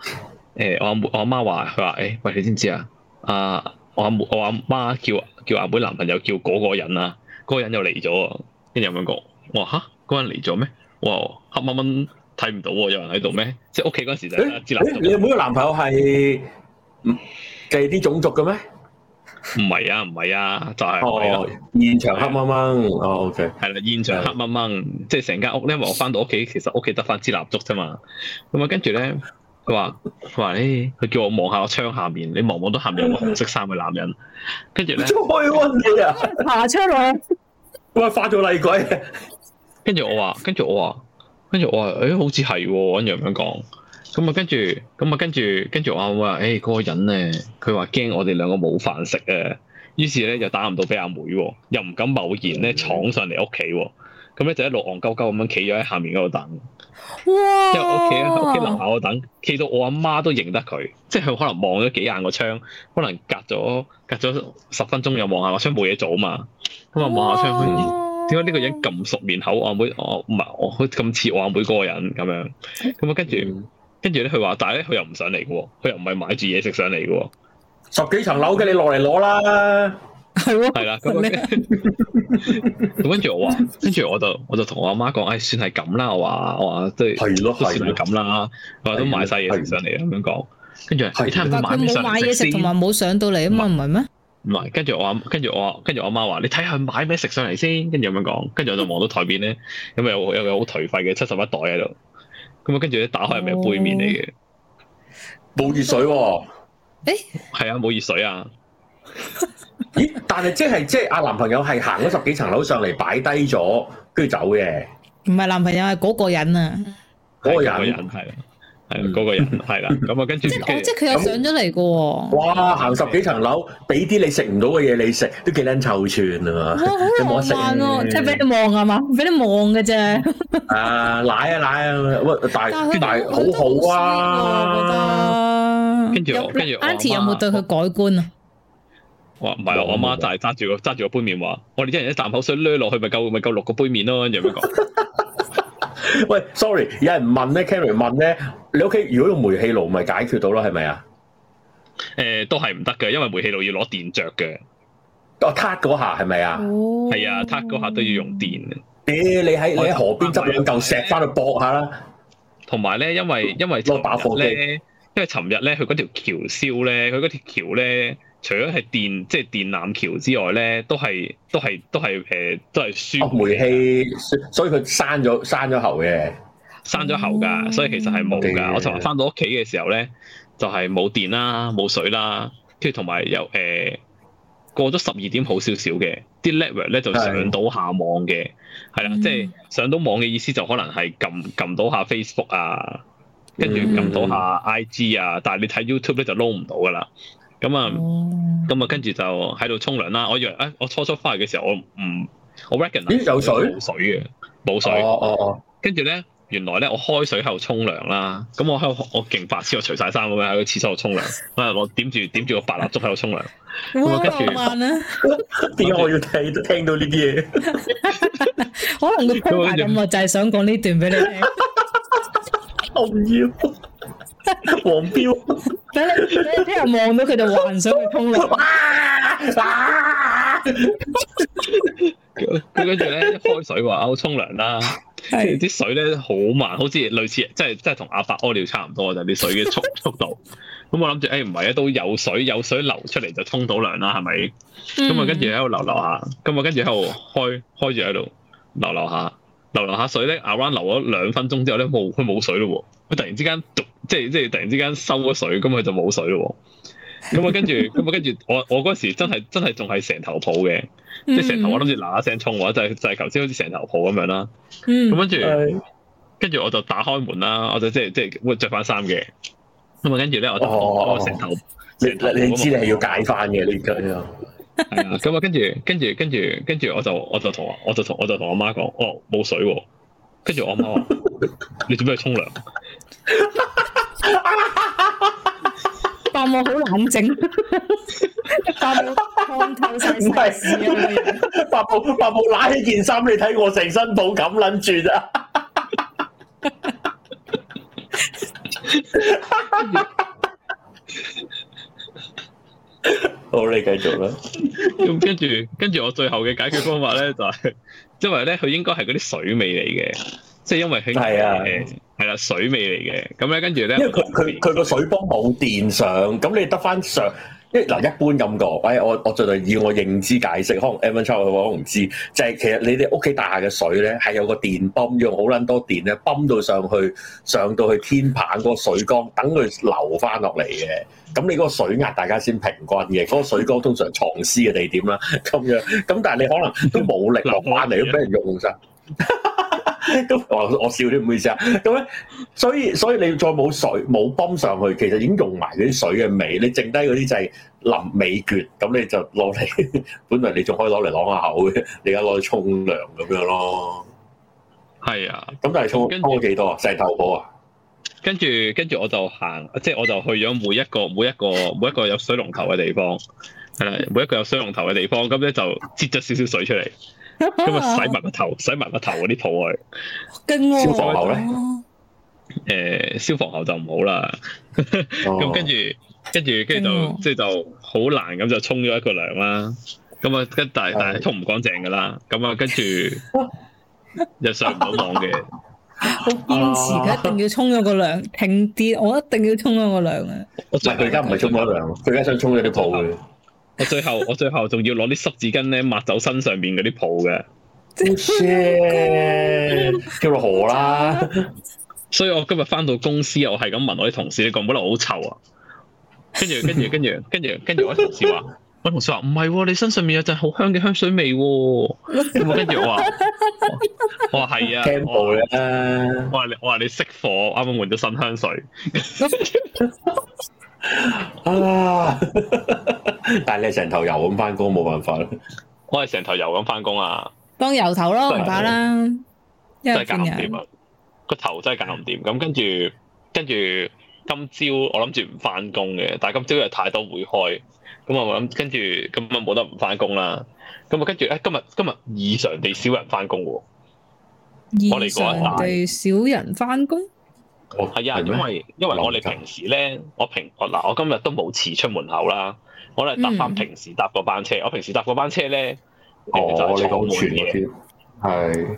誒、呃，我阿母，我阿媽話，佢話，誒，喂，你知唔知啊？啊，我阿母，我阿媽叫叫阿妹男朋友叫嗰個人啊，嗰、那個人又嚟咗啊，跟住咁樣講，我話吓，嗰人嚟咗咩？我黑掹掹睇唔到，有人喺度咩？即係屋企嗰時就一男，知誒，你阿妹個男朋友係第啲種族嘅咩？唔係啊，唔係啊，就係現場黑掹掹。哦，OK，係啦、嗯，現場黑掹掹，嗯、即係成間屋。因為我翻到屋企，其實屋企得翻支蠟燭啫嘛。咁啊，跟住咧，佢話佢話咧，佢、哎、叫我望下個窗下面，你望望都下面有紅色衫嘅男人。呢 哎、 跟住咧，做咩要溫你啊？爬出嚟，我係化做厲鬼。跟住我話，跟住我話，跟住我話，誒，好似係喎，按樣樣講。咁啊，跟住，咁啊，跟住，跟住，我阿妹話，誒，嗰個人咧，佢話驚我哋兩個冇飯食啊，於是咧又打唔到俾阿妹喎，又唔敢冒然咧闖上嚟屋企喎，咁咧就一路戇鳩鳩咁樣企咗喺下面嗰度等，因為即係屋企屋企樓下我等，企到我阿媽都認得佢，即係佢可能望咗幾眼個窗，可能隔咗隔咗十分鐘又望下個窗冇嘢做啊嘛，咁啊望下窗，點解呢個人咁熟面口？阿妹，我唔係我咁似我阿妹嗰個人咁樣，咁啊跟住。跟住咧，佢話，但係咧，佢又唔上嚟嘅喎，佢又唔係買住嘢食上嚟嘅喎，十幾層樓嘅，你落嚟攞啦，係喎，係啦，咁跟住我話，跟住我就我就同我阿媽講，誒，算係咁啦，我話我話，即係係咯，係咁啦，我話都買晒嘢食上嚟啦，咁樣講，跟住係，佢冇買嘢食，同埋冇上到嚟啊嘛，咁咪唔係咩？唔係，跟住我話，跟住我話，跟住我阿媽話，你睇下買咩食上嚟先，跟住咁樣講，跟住我就望到台面咧，咁有有個好頹廢嘅七十一袋喺度。咁啊，跟住咧，打開係咪背面嚟嘅？冇熱水喎，誒，係啊，冇熱水啊！咦，但係即係即係阿男朋友係行咗十幾層樓上嚟擺低咗，跟住走嘅。唔係男朋友，係嗰個人啊，嗰個人係。嗰個人係啦，咁啊，跟住即係佢又上咗嚟嘅喎。哇，行十幾層樓，俾啲你食唔到嘅嘢你食，都幾撚臭串啊！哇，好浪漫即係俾你望啊嘛，俾你望嘅啫。啊，奶啊奶啊，喂，大大好好啊！跟住跟住，安琪有冇對佢改觀啊？哇，唔係，我阿媽就係揸住個揸住個杯麵話，我哋一人一啖口水，掠落去咪夠咪夠六個杯麵咯。跟住咁講。喂，sorry，有人問咧 Kerry 問咧。你屋企如果用煤氣爐，咪解決到咯？係咪啊？誒、呃，都係唔得嘅，因為煤氣爐要攞電着嘅。我撻嗰下係咪、嗯、啊？係啊，撻嗰下都要用電。誒、嗯，你喺你喺河邊執兩嚿石翻去搏下啦。同埋咧，因為因為攞把火機咧，因為尋日咧，佢嗰條橋燒咧，佢嗰條橋咧，除咗係電，即係電纜橋之外咧，都係都係都係誒，都係輸、哦、煤氣，所以佢閂咗閂咗喉嘅。閂咗喉㗎，所以其實係冇㗎。我尋日翻到屋企嘅時候咧，就係、是、冇電啦，冇水啦，跟住同埋又誒過咗十二點好，好少少嘅。啲 level 咧就上到下網嘅，係啦的，即係上到網嘅意思就可能係撳撳到下 Facebook 啊，跟住撳到下 IG 啊，mm. 但係你睇 YouTube 咧就撈唔到㗎啦。咁啊，咁啊，跟住就喺度沖涼啦。我以為啊，我初初翻去嘅時候我唔我 recognize 冇水嘅，冇水。哦哦哦，哦哦跟住咧。原來咧，我開水喺度沖涼啦，咁我喺度，我勁白痴，我除晒衫咁樣喺個廁所度沖涼，啊！我點住點住個白蠟燭喺度沖涼，咁啊跟住點解我要睇聽到呢啲嘢？ 可能你講埋咁， 就不我就係想講呢段俾你聽。我唔要。 黃標，等你等你聽人望到佢就幻想去沖涼，佢跟住咧開水話好沖涼啦，啲 水咧好慢，好似類似即係即係同阿發屙尿差唔多就啲、是、水嘅速速度，咁 我諗住誒唔係啊，都有水有水流出嚟就沖到涼啦，係咪？咁啊跟住喺度流流下，咁啊跟住喺度開開住喺度流流下。流流下水咧，阿 Ron 流咗兩分鐘之後咧冇，佢冇水咯喎、哦，佢突然之間即係即係突然之間收咗水，咁佢就冇水咯喎、哦。咁啊跟住，咁啊跟住，我我嗰時真係真係仲係成頭泡嘅，即係成頭我諗住嗱一聲衝喎，就係、是、就係、是、頭先好似成頭泡咁樣啦。咁跟住，跟住後是我就打開門啦，我就即係即係會着翻衫嘅。咁啊跟住咧，我就成、哦、頭，你頭你知你係要解翻嘅呢個係啊，咁啊， 跟住，跟住，跟住，跟住，我就，我就同我，我就同，我就同我媽講，哦，冇水喎、啊。跟住我媽話， 你做咩去沖涼？ 白布好冷靜， 白布凍透晒。白布白布拉起件衫，你睇我成身布咁捻住啊！好，你繼續啦。咁跟住，跟住我最後嘅解決方法咧，就係、是、因為咧，佢應該係嗰啲水尾嚟嘅，即、就、係、是、因為係是啊，係啦，水尾嚟嘅。咁咧，跟住咧，因為佢佢佢個水泵冇電上，咁你得返上。因為嗱，一般咁講，哎，我我盡量以我認知解釋，可能 m a n c i o 佢唔知，就係、是、其實你哋屋企大廈嘅水咧，係有個電泵用好撚多電咧，泵到上去，上到去天棚嗰個水缸，等佢流翻落嚟嘅。咁你嗰個水壓，大家先平均嘅。嗰、那個水缸通常藏屍嘅地點啦，咁 樣。咁但係你可能都冇力落翻嚟，都俾人用曬。 都我我笑你唔好意思啊，咁咧，所以所以你再冇水冇泵上去，其實已經用埋嗰啲水嘅尾，你剩低嗰啲就係淋尾決，咁你就攞嚟，本來你仲可以攞嚟啷下口嘅，你而家攞去沖涼咁樣咯。係啊，咁但係沖，煲幾多啊？洗頭煲啊？跟住跟住我就行，即係我就去咗每一個每一個每一個有水龍頭嘅地方，係啦每一個有水龍頭嘅地方，咁咧就擠咗少少水出嚟。咁啊！洗埋個頭，洗埋個頭嗰啲泡去。驚消防喉咧？誒，消防喉就唔好啦。咁跟住，跟住，跟住就即係就好難咁就沖咗一個涼啦。咁啊，跟但係但係沖唔乾淨噶啦。咁啊，跟住又上唔到網嘅。好堅持，一定要沖咗個涼。停啲。我一定要沖咗個涼啊！但係佢而家唔係沖咗個涼，佢而家想沖咗啲泡嘅。我最後我最後仲要攞啲濕紙巾咧抹走身上面嗰啲泡嘅，即係叫做何啦。所以我今日翻到公司，我係咁問我啲同事：你覺唔覺得我好臭啊？跟住跟住跟住跟住跟住我同事話：我同事話唔係，你身上面有陣好香嘅香水味啊。咁我跟住話：我話係啊，我我話你我話你熄火，啱啱換咗新香水。 啊！但係你成頭油咁翻工，冇辦法啦。我係成頭油咁翻工啊，當油頭咯，唔怕啦。真係搞唔掂啊，個頭真係搞唔掂。咁跟住，跟住今朝我諗住唔翻工嘅，但係今朝又太多會開，咁我諗跟住，咁啊冇得唔翻工啦。咁啊跟住，誒、欸、今日今日異常地少人翻工喎，異常地少人翻工。係啊，因為因為我哋平時咧，我平嗱我，我今日都冇遲出門口啦，我哋搭翻平時搭嗰班車。嗯、我平時搭嗰班車咧，我我哋都坐滿嘅，係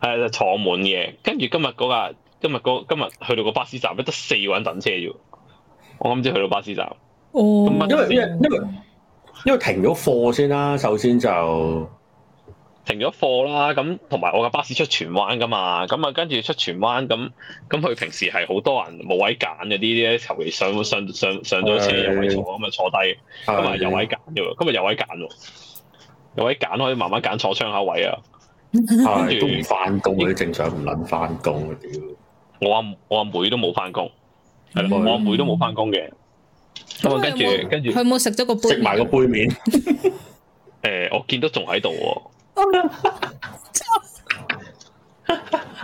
係係坐滿嘅。跟住今日嗰日，今日今日去到個巴士站咧，得四個人等車啫。我啱先去到巴士站哦因，因為因為因為因為停咗課先啦，首先就。停咗貨啦，咁同埋我架巴士出荃灣噶嘛，咁啊跟住出荃灣，咁咁佢平時係好多人冇位揀嘅，呢啲咧求其上上上上咗車有位坐，咁啊坐低，咁埋有位揀嘅喎，咁啊今日有位揀喎，有位揀可以慢慢揀坐窗口位啊。跟住都唔翻工嗰啲正常，唔撚翻工我阿我阿妹，妹都冇翻工，我阿妹都冇翻工嘅。咁啊跟住跟住，佢冇食咗個杯食埋個杯麵。誒，我見到仲喺度喎。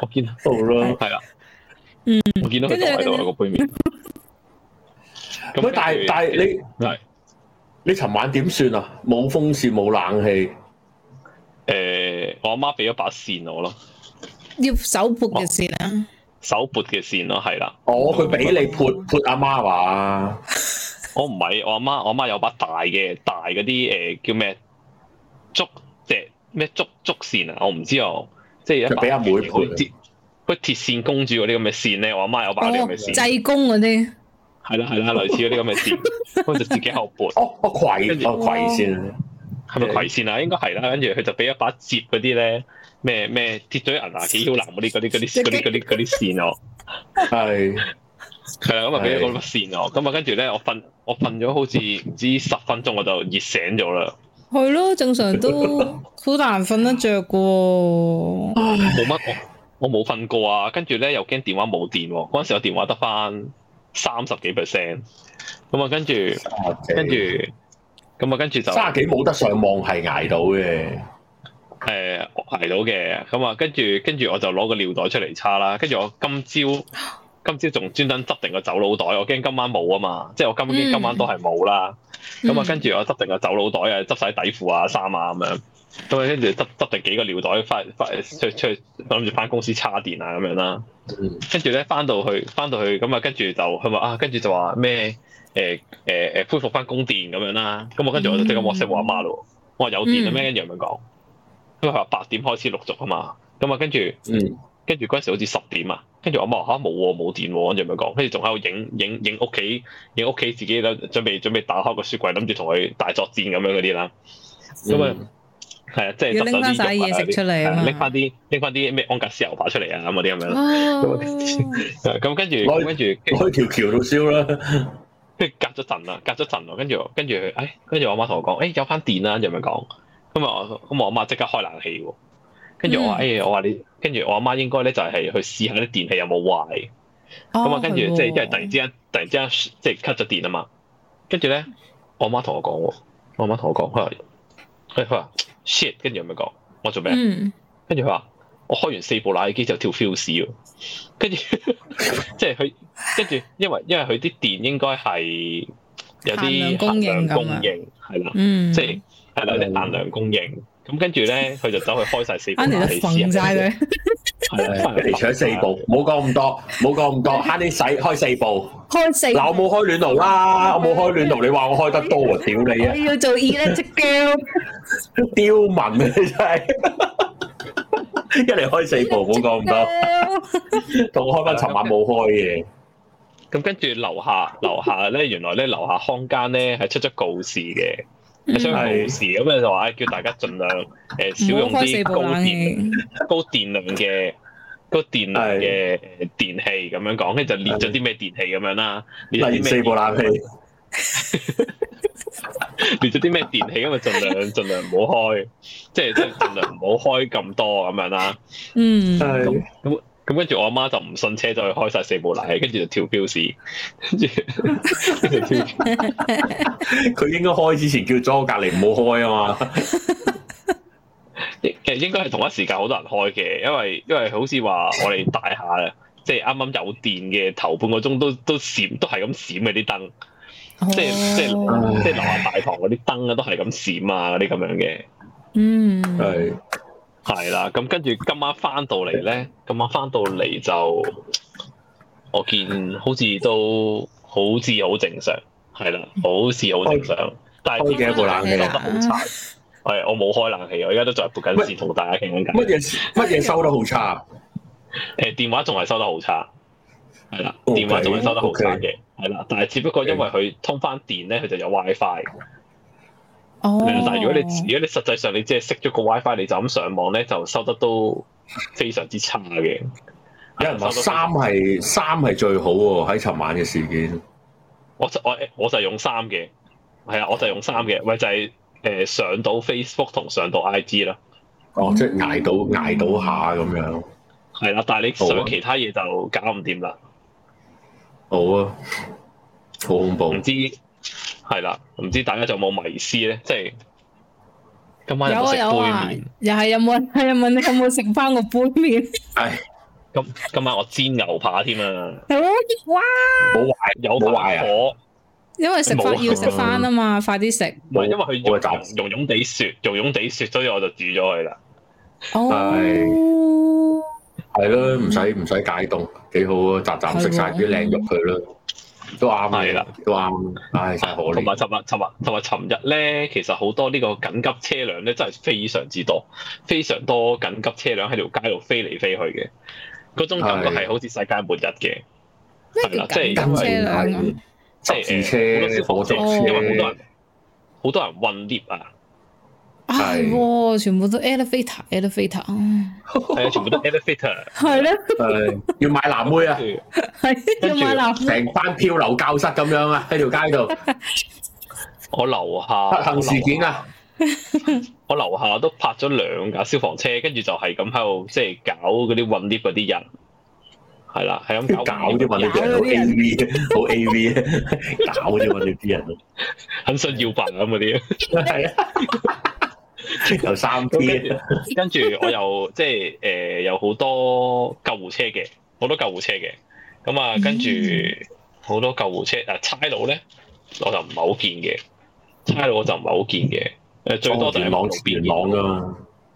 我見到啦，係啦，我見到佢坐喺度個杯麵。唔係，但係但係你，係的你尋晚點算啊？冇風扇，冇冷氣。誒、哎，我阿媽俾咗把扇我咯。要手撥嘅扇啊？手撥嘅扇咯，係啦。哦，佢俾你撥撥阿媽話，我唔係，我阿媽，我媽有把大嘅、大嗰啲誒，叫咩？竹。咩竹竹扇啊？我唔知哦，即係一把。俾阿妹盤折嗰鐵扇公主嗰啲咁嘅扇咧，我阿媽，有把爸啲咁嘅扇。濟公嗰啲係啦，係啦，類似嗰啲咁嘅扇，跟 就自己後撥 哦著哦葵哦葵扇啊，係咪葵扇啊？應該係啦。跟住佢就俾一把折嗰啲咧，咩咩鐵嘴銀牙、紀曉嵐嗰啲嗰啲嗰啲啲啲扇哦。係係啦，咁啊俾咗嗰乜綫哦。咁啊，跟住咧，我瞓我瞓咗好似唔知十分鐘，我就熱醒咗啦。係咯，正常都好難瞓得着嘅。冇乜，我冇瞓過啊。跟住咧又驚電話冇電、哦，嗰陣時我電話得翻、 嗯、三十幾 percent。咁啊，跟住跟住，咁啊，跟住就三十幾冇得上網係挨到嘅。誒、 嗯，挨到嘅。咁啊、嗯，跟住跟住，我就攞個尿袋出嚟叉啦。跟住我今朝今朝仲專登執定個走佬袋，我驚今晚冇啊嘛。即係我今今晚都係冇啦。咁啊，嗯、跟住我執定個走佬袋啊，執晒底褲啊、衫啊咁樣。咁啊，跟住執執定幾個尿袋翻翻出去，諗住翻公司叉電啊咁樣啦。跟住咧翻到去，翻到去咁啊，跟住就佢話啊，跟住就話咩誒誒誒，恢復翻供電咁樣啦。咁我跟住我就即刻 WhatsApp 我阿媽咯。我話有電啊咩？跟住咁樣講，因為佢話八點開始陸續啊嘛。咁啊，跟住，跟住嗰陣時好似十點啊。跟住我媽嚇冇喎，冇電喎，跟住咪講，跟住仲喺度影影影屋企影屋企，自己都準備準備打開個雪櫃，諗住同佢大作戰咁樣嗰啲啦。因為係啊，即係拎翻啲嘢食出嚟啊，拎翻啲拎翻啲咩安格斯牛扒出嚟啊咁嗰啲咁樣，咁跟住跟住開條橋度燒啦。跟住隔咗陣啊，隔咗陣咯。跟住跟住誒，跟住我媽同我講，誒有翻電啦，跟住咪講。咁我咁我阿媽即刻開冷氣喎。跟住我話誒，我話你。跟住我阿媽應該咧就係去試下啲電器有冇壞，咁啊、哦、跟住即係即係突然之間、哦、突然之間即係 cut 咗電啊嘛。跟住咧，我阿媽同我講喎，我阿媽同我講佢，佢話 shit，跟住有咩講？我做咩？跟住佢話我開完四部冷氣機就跳 fuse、嗯、跟住即係佢跟住，因為因為佢啲電應該係有啲限量供應，係啦，即係係啦啲限量供應。咁跟住咧，佢就走去開晒四部，慳啲就馴晒佢。係，除咗四部，冇講咁多，冇講咁多，慳你使開四部。開四，嗱我冇開暖爐啦，我冇開暖爐，你話我開得多啊？屌你啊！我要做 e l 即 c 刁民啊！真係一嚟開四部，冇講咁多，同我開翻尋晚冇開嘅。咁跟住樓下樓下咧，原來咧樓下空間咧係出咗告示嘅。你所以冇事咁樣就話，叫大家盡量誒，少用啲高電高電量嘅高電量嘅電器咁樣講，跟住的就列咗啲咩電器咁樣啦。列四部冷氣。列咗啲咩電器咁啊？盡量盡量唔好開，即係盡量唔好開咁多咁樣啦。 嗯。那咁跟住我阿媽就唔信車，就去開晒四部冷氣，跟住就跳標示，跟住，佢應該開之前叫咗我隔離唔好開啊嘛。 其實應該係同一時間好多人開嘅，因為因為好似話我哋大廈咧，即係啱啱有電嘅頭半個鐘都都閃，都係咁閃嘅啲燈，即係即係即係樓下大堂嗰啲燈啊，都係咁閃啊嗰啲咁樣嘅。嗯、mm.，係。係啦，咁跟住今晚翻到嚟咧，今晚翻到嚟就，我見好似都好似好正常，係啦，好似好正常，哎、但係開嘅部冷氣收得好差，係，我冇開冷氣，我而家都仲在撥緊線同大家傾緊偈。乜嘢？乜嘢收得好差？誒、哎，電話仲係收得好差，係啦，okay, 電話仲係收得好差嘅，係啦 okay,，但係只不過因為佢通翻電咧，佢 okay. 就有 WiFi。Fi, 但係如果你如果你實際上你即係熄咗個 WiFi，你就咁上網咧，就收得都非常之差嘅。有人話三係三係最好喎、啊，喺尋晚嘅事件。我我我就係用三嘅，係啊，我就係用三嘅，咪就係、是、誒、呃、上到 Facebook 同上到 IG 啦。哦，即係捱到捱到下咁樣。係啦、 啊，但係你上其他嘢就搞唔掂啦。好啊，好恐怖。係啦，唔、嗯、知大家仲有冇迷思咧？即係今晚有冇食杯麵、啊啊？又係有冇？係有冇？你有冇食翻個杯麵？係， 今今晚我煎牛扒添哇啊！有冇壞？冇壞、嗯，有冇壞啊？因為食飯要食翻啊嘛，快啲食！因為佢溶溶地雪，溶溶地雪，所以我就煮咗佢啦。哦，係咯，唔使唔使解凍，幾好啊！扎扎食晒啲靚肉佢咯。好都啱嘅，係啦，都啱。唉，太可憐。同埋尋日、尋日、同埋尋日咧，其實好多呢個緊急車輛咧，真係非常之多，非常多緊急車輛喺條街度飛嚟飛去嘅，嗰種感覺係好似世界末日嘅。係啦，即係緊急車輛，即係好多消防車，因為好多人，好多人暈跌啊！係喎，全部都 elevator，elevator，係啊，全部都 elevator，係咧，要買藍妹啊，係要買藍妹，成班漂流教室咁樣啊喺條街度，我樓下不幸事件啊，我樓下都拍咗兩架消防車，跟住就係咁喺度即係搞嗰啲困 lift 嗰啲人，係啦，係咁搞啲困 lift 啲好 AV，好 AV，搞啲困 lift 啲人啊，很信要白咁嗰啲，係啊。 有三 D， 跟住我又即係誒、呃，有好多救護車嘅，好多救護車嘅，咁啊，跟住好多救護車啊，差佬咧，我就唔係好見嘅，差佬我就唔係好見嘅，誒，最多就係路邊嘅，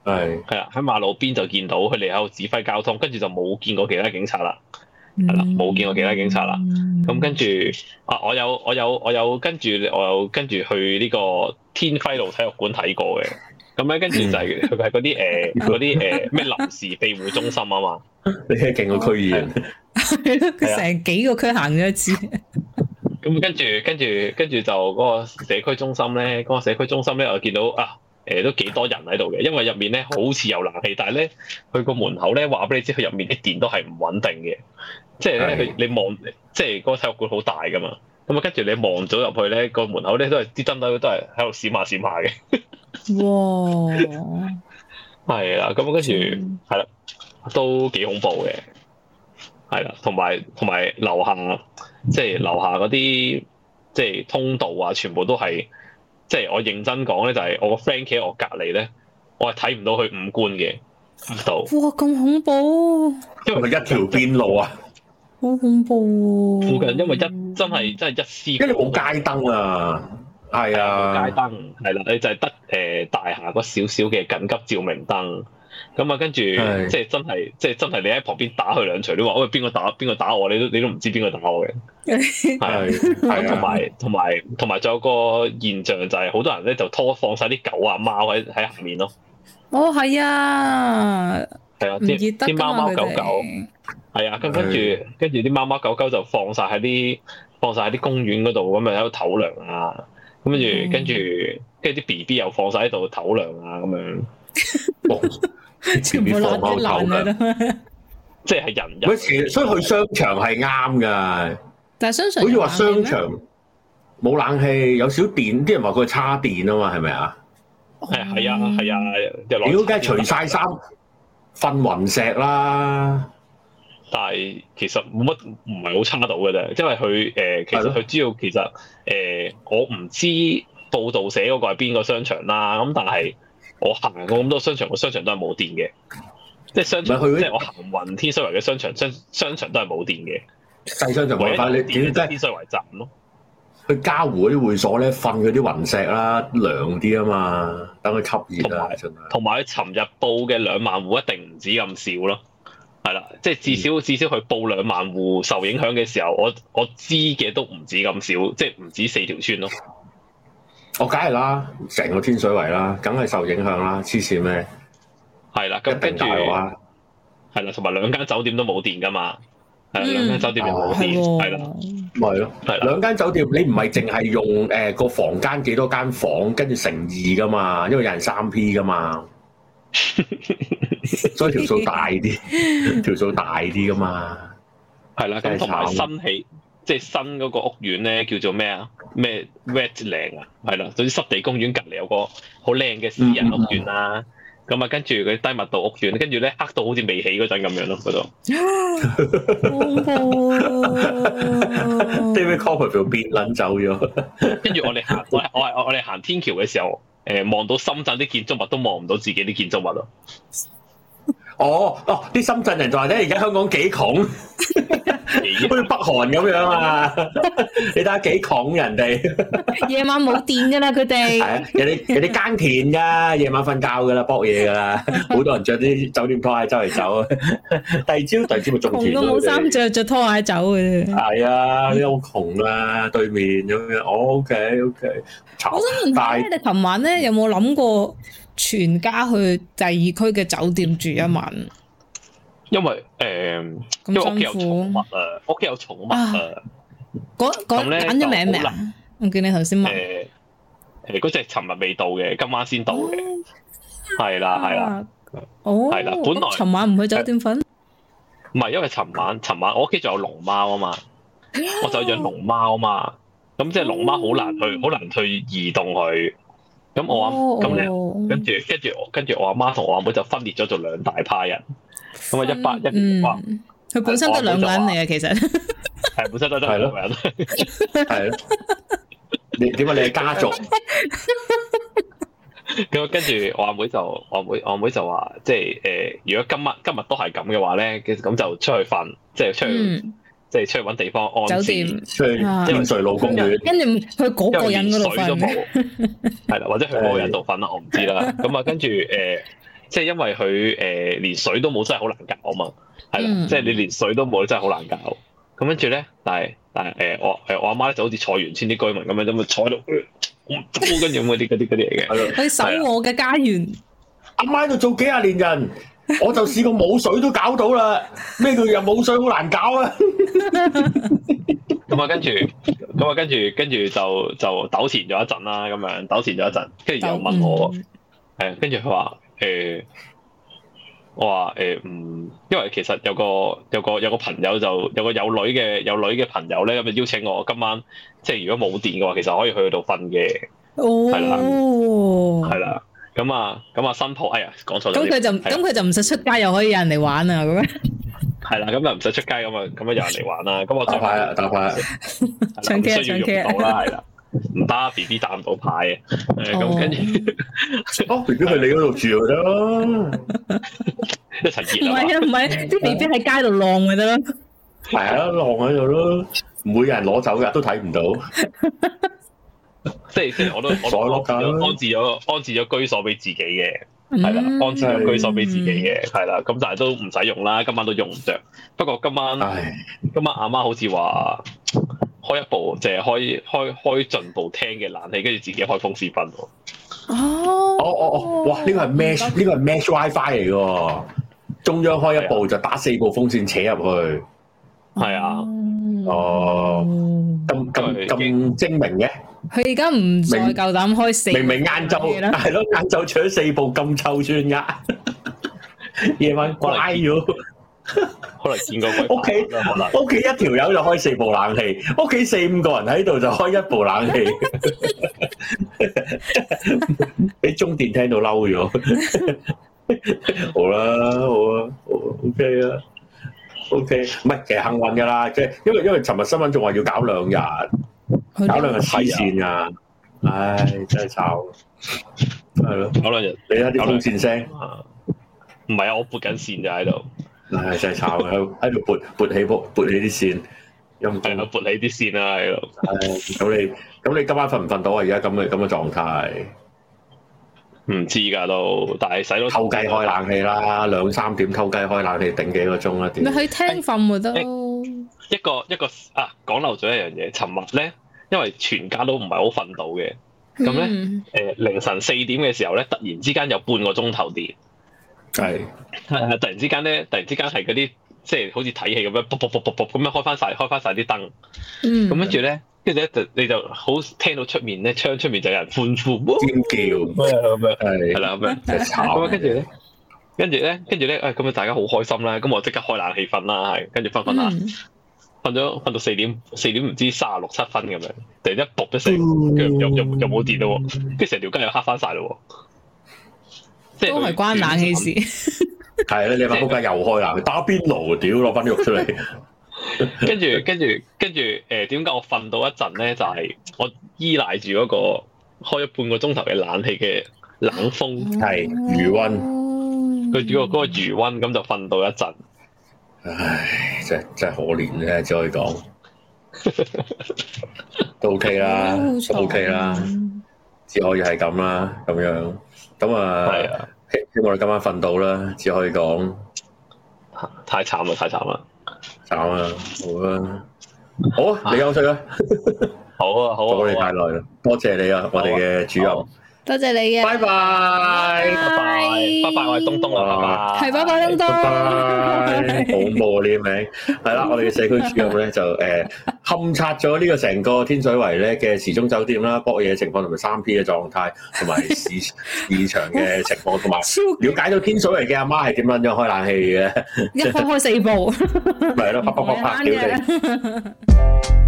係係啦，喺馬路邊、嗯、的就見到佢哋喺度指揮交通，跟住就冇見過其他警察啦，係啦，冇見過其他警察啦，咁跟住啊，我有我有，我有，我有，我有跟住我有跟住去呢個天輝路體育館睇過嘅。咁樣跟住就係佢係嗰啲誒啲誒咩臨時庇護中心啊嘛！你係勁個區議員佢成幾個區行咗一次。咁跟住跟住跟住就嗰個社區中心咧，嗰個社區中心咧，我見到啊誒都幾多人喺度嘅，因為入面咧好似有冷氣，但係咧佢個門口咧話俾你知，佢入面啲電都係唔穩定嘅，即係咧你望即係嗰個體育館好大噶嘛，咁啊跟住你望咗入去咧，個門口咧都係啲燈都都係喺度閃下閃下嘅。哇，係啦， 咁跟住係啦，都幾恐怖嘅，係啦，同埋同埋樓下即係樓下嗰啲即係通道啊，全部都係即係我認真講咧，就係我個 friend 企喺我隔籬咧，我係睇唔到佢五官嘅，知道？哇，咁恐怖、啊！因為佢一條邊路啊，好恐怖、啊。附近因為一真係真係一絲、啊，因為冇街燈啊。係啊，街燈係啦，你就係得誒大廈嗰少少嘅緊急照明燈，咁啊跟住即係真係即係真係你喺旁邊打佢兩錘，你話喂邊個打邊個打我，你都你都唔知邊個打我嘅。係係同埋同埋同埋仲有個現象就係好多人咧就拖放晒啲狗啊貓喺喺下面咯。哦係啊，係啊，啲啲貓貓狗狗係啊，咁跟住跟住啲貓貓狗狗就放晒喺啲放晒喺啲公園嗰度咁啊喺度唞涼啊。跟住，跟住，跟住啲 B B 又放晒喺度唞涼啊，咁樣。放 全部攞啲冷噶， 即係人，人。所以去商場係啱噶。但係商場，好似話商場冇冷氣，有少電，啲人話佢叉電啊嘛，係咪、嗯、啊？誒，係啊，係啊，如果梗係除晒衫，瞓雲石啦。但係其實冇乜唔係好差到嘅啫，因為佢誒、呃、其實佢知道的其實誒、呃、我唔知報道寫嗰個係邊個商場啦，咁但係我行過咁多商場，個商場都係冇電嘅，即係商場去他即係我行雲天水圍嘅商場，商場商場都係冇電嘅。計商就講翻你點天水圍站咯，去嘉湖嗰啲會所咧，瞓佢啲雲石啦，涼啲啊嘛，等佢吸熱，仲有同埋佢尋日報嘅兩萬戶一定唔止咁少咯。係啦，即係至少至少去報兩萬戶受影響嘅時候，我我知嘅都唔止咁少，即係唔止四條村咯。我梗係啦，成個天水圍啦，梗係受影響啦，黐線咩？係啦，咁定大啦。係啦，同埋兩間酒店都冇電噶嘛，係、嗯、兩間酒店冇電，係咯，咪咯，係兩間酒店你，你唔係淨係用誒個房間幾多間房間跟住乘二噶嘛，因為有人三 P 噶嘛。 所以條數大啲、 啊，條數大啲噶嘛，係啦。同埋新起，即係新嗰個屋苑咧，叫做咩啊？咩 Red 嶺啊？係啦，總之濕地公園隔籬有個好靚嘅私人屋苑啦。咁啊，跟住佢低密度屋苑，跟住咧黑到好似未起嗰陣咁樣咯，嗰度。David Copperfield 變撚走咗，跟住我哋行，我我我我哋行天橋嘅時候。誒望到深圳啲建築物，都望唔到自己啲建築物咯。哦，哦，啲深圳人就話咧，而家香港幾窮，好 似北韓咁樣啊！ 你睇下幾窮人哋，夜 晚冇電㗎啦，佢哋。係啊，人哋人哋耕田㗎，夜晚瞓覺㗎啦，卜嘢㗎啦，好多人着啲酒店拖鞋周圍走。啊。 第二朝第二朝咪仲。窮到冇衫着，着拖鞋走嘅。係啊，你好窮啊，對面咁樣。我、哦、OK OK，炒大。我想問下你琴晚咧有冇諗過？是 全家去第二區嘅酒店住一晚，因為誒，因為屋企有寵物啊，屋企有寵物啊。嗰嗰揾咗名未啊？我見你頭先問誒，誒，嗰隻尋日未到嘅，今晚先到嘅，係啦係啦，哦，係啦，本來尋晚唔去酒店瞓，唔係因為尋晚尋晚我屋企仲有龍貓啊嘛，我就養龍貓啊嘛，咁即係龍貓好難去，好難去移動佢。咁、哦、我咁你跟住跟住跟住我阿媽同我阿妹就分裂咗做兩大派人，咁啊、嗯、一八一五，佢、嗯、其實 本身都兩個人嚟嘅其實，係本身都係咯，係咯、 啊，你點解你係家族咁 跟住我阿妹就，我妹我妹就話，即係誒、呃，如果今日今日都係咁嘅話咧，咁就出去瞓，即、就、係、是、出去。嗯即係出去揾地方安酒店，即係沿遂路公住，跟住去嗰個人度瞓，係啦，或者去我人度瞓啦，我唔知啦。咁啊，跟住誒，即係因為佢誒連水都冇，真係好難搞啊嘛。係啦，即係你連水都冇，真係好難搞。咁跟住咧，但係但係誒，我係我阿媽咧，就好似菜園村啲居民咁樣，咁啊坐到，跟住嗰啲嗰啲啲嚟嘅，佢守我嘅家園。阿媽喺度做幾廿年人。 我就試過冇水都搞到啦，咩叫又冇水好難搞啊？咁 啊， 跟住，咁啊，跟住，跟住就就糾纏咗一陣啦，咁樣糾纏咗一陣，跟住又問我，誒、嗯，跟住佢話，誒、欸，我話，誒、欸，唔、嗯，因為其實有個有個有個朋友就有個有女嘅有女嘅朋友咧，咁就邀請我今晚，即係如果冇電嘅話，其實可以去佢度瞓嘅。哦，係啦。咁、 嗯、啊，咁啊新鋪，哎呀，講錯咗。咁佢就咁佢是、啊、就唔使出街，又、嗯、可以有人嚟玩啊！咁樣係啦，咁又唔使出街，咁啊咁啊有人嚟玩啦！咁我打牌啊，打牌。搶唱 K 嘅。需要融到啦，係啦，唔得，B B 打唔到牌嘅。咁跟住，哦，B B 去你嗰度住就得咯，一齊住。唔係啊，唔 係牌、啊，啲 B B 喺街度浪咪得咯。係 啊，浪喺度咯，唔會有人攞走噶，都睇唔到。 即係即係，我都我我安置咗安置咗居所俾自己嘅，係啦，安置咗居所俾自己嘅，係啦、嗯，咁的但係都唔使用啦，今晚都用唔着。不過今晚唉今晚阿媽好似話開一部淨係開開開進步廳嘅冷氣，跟住自己開風扇咯、哦。哦，哦哦哦，哇，呢、這個係 Mesh 呢個係 Mesh WiFi 嚟嘅，中央開一部就打四部風扇扯入去，係啊的，哦，咁咁咁精明嘅。佢而家唔再夠膽開四，明明晏晝係咯，晏晝除咗四部咁臭算噶，夜晚乖咗，可能見過佢屋企屋企一條友就開四部冷氣，屋企四五個人喺度就開一部冷氣，俾中電聽到嬲咗，好啦，好啊，O K 啦，O K，唔係其實幸運噶啦，即係因為因為尋日新聞仲話要搞兩日。搞兩日西線啊！唉，真係炒，係咯，搞兩日你睇啲搞東線聲，唔係啊，我撥緊線就喺度，唉，真係炒佢喺度撥撥起撥起啲線，又唔定到撥起啲線啊喺度。咁你咁你今晚瞓唔瞓到啊？而家咁嘅咁嘅狀態，唔知噶都，但係使到偷雞開冷氣啦，兩三點偷雞開冷氣頂幾個鐘啦，點？你喺廳瞓咪得咯。一個，一個，一，個，一，個一個啊，講漏咗一樣嘢，寵物咧。因為全家都唔係好瞓到嘅，咁咧，誒 hein ous，凌晨四點嘅時候咧，突然之間有半個鐘頭電，係係突然之間咧，突然之間係嗰啲，即係好似睇戲咁樣，卜卜卜卜咁樣開翻晒，開翻晒啲燈，咁跟住咧，跟住咧，就你就好聽到出面咧，窗出面就有人歡呼尖叫，咁樣係，係啦，咁啊，咁跟住咧，跟住咧，跟住咧，誒，咁啊，大家好開心啦，咁我即刻開冷氣瞓啦，係，跟住瞓瞓下。瞓咗瞓到四點，四點唔知三十六七分咁樣，突然一卜一聲，跟住又又又冇電啦，跟住成條街又黑翻曬啦，即係都係關冷氣事睡。係啦時，你把空氣又開啦，打邊爐，屌攞翻啲肉出嚟 。跟住跟住跟住，誒點解我瞓到一陣咧？就係、是、我依賴住嗰個開咗半個鐘頭嘅冷氣嘅冷風係餘温，佢 溫、嗯、如果嗰個餘温咁就瞓到一陣。唉，真真可憐咧，只可以講 都 OK 啦，OK 啦，只可以係咁啦，咁樣咁啊，啊希望我哋今晚瞓到啦，只可以講太慘啦，太慘啦，慘啦，好啦，好啊，你休息啦、 啊，好啊，好啊，阻你太耐啦，多謝你啊，我哋嘅主任。 多謝你嘅，拜拜，拜拜，拜拜，我係東東啊，係拜拜東東，好冒呢名，係啦，我哋嘅社區主任咧就誒，勘察咗呢個成個天水圍咧嘅時鐘酒店啦，剝嘢嘅情況同埋三 P 嘅狀態，同埋市市場嘅情況，同埋了解到天水圍嘅阿媽係點樣樣開冷氣嘅，一開開四部，咪係咯，啪啪啪啪，屌你！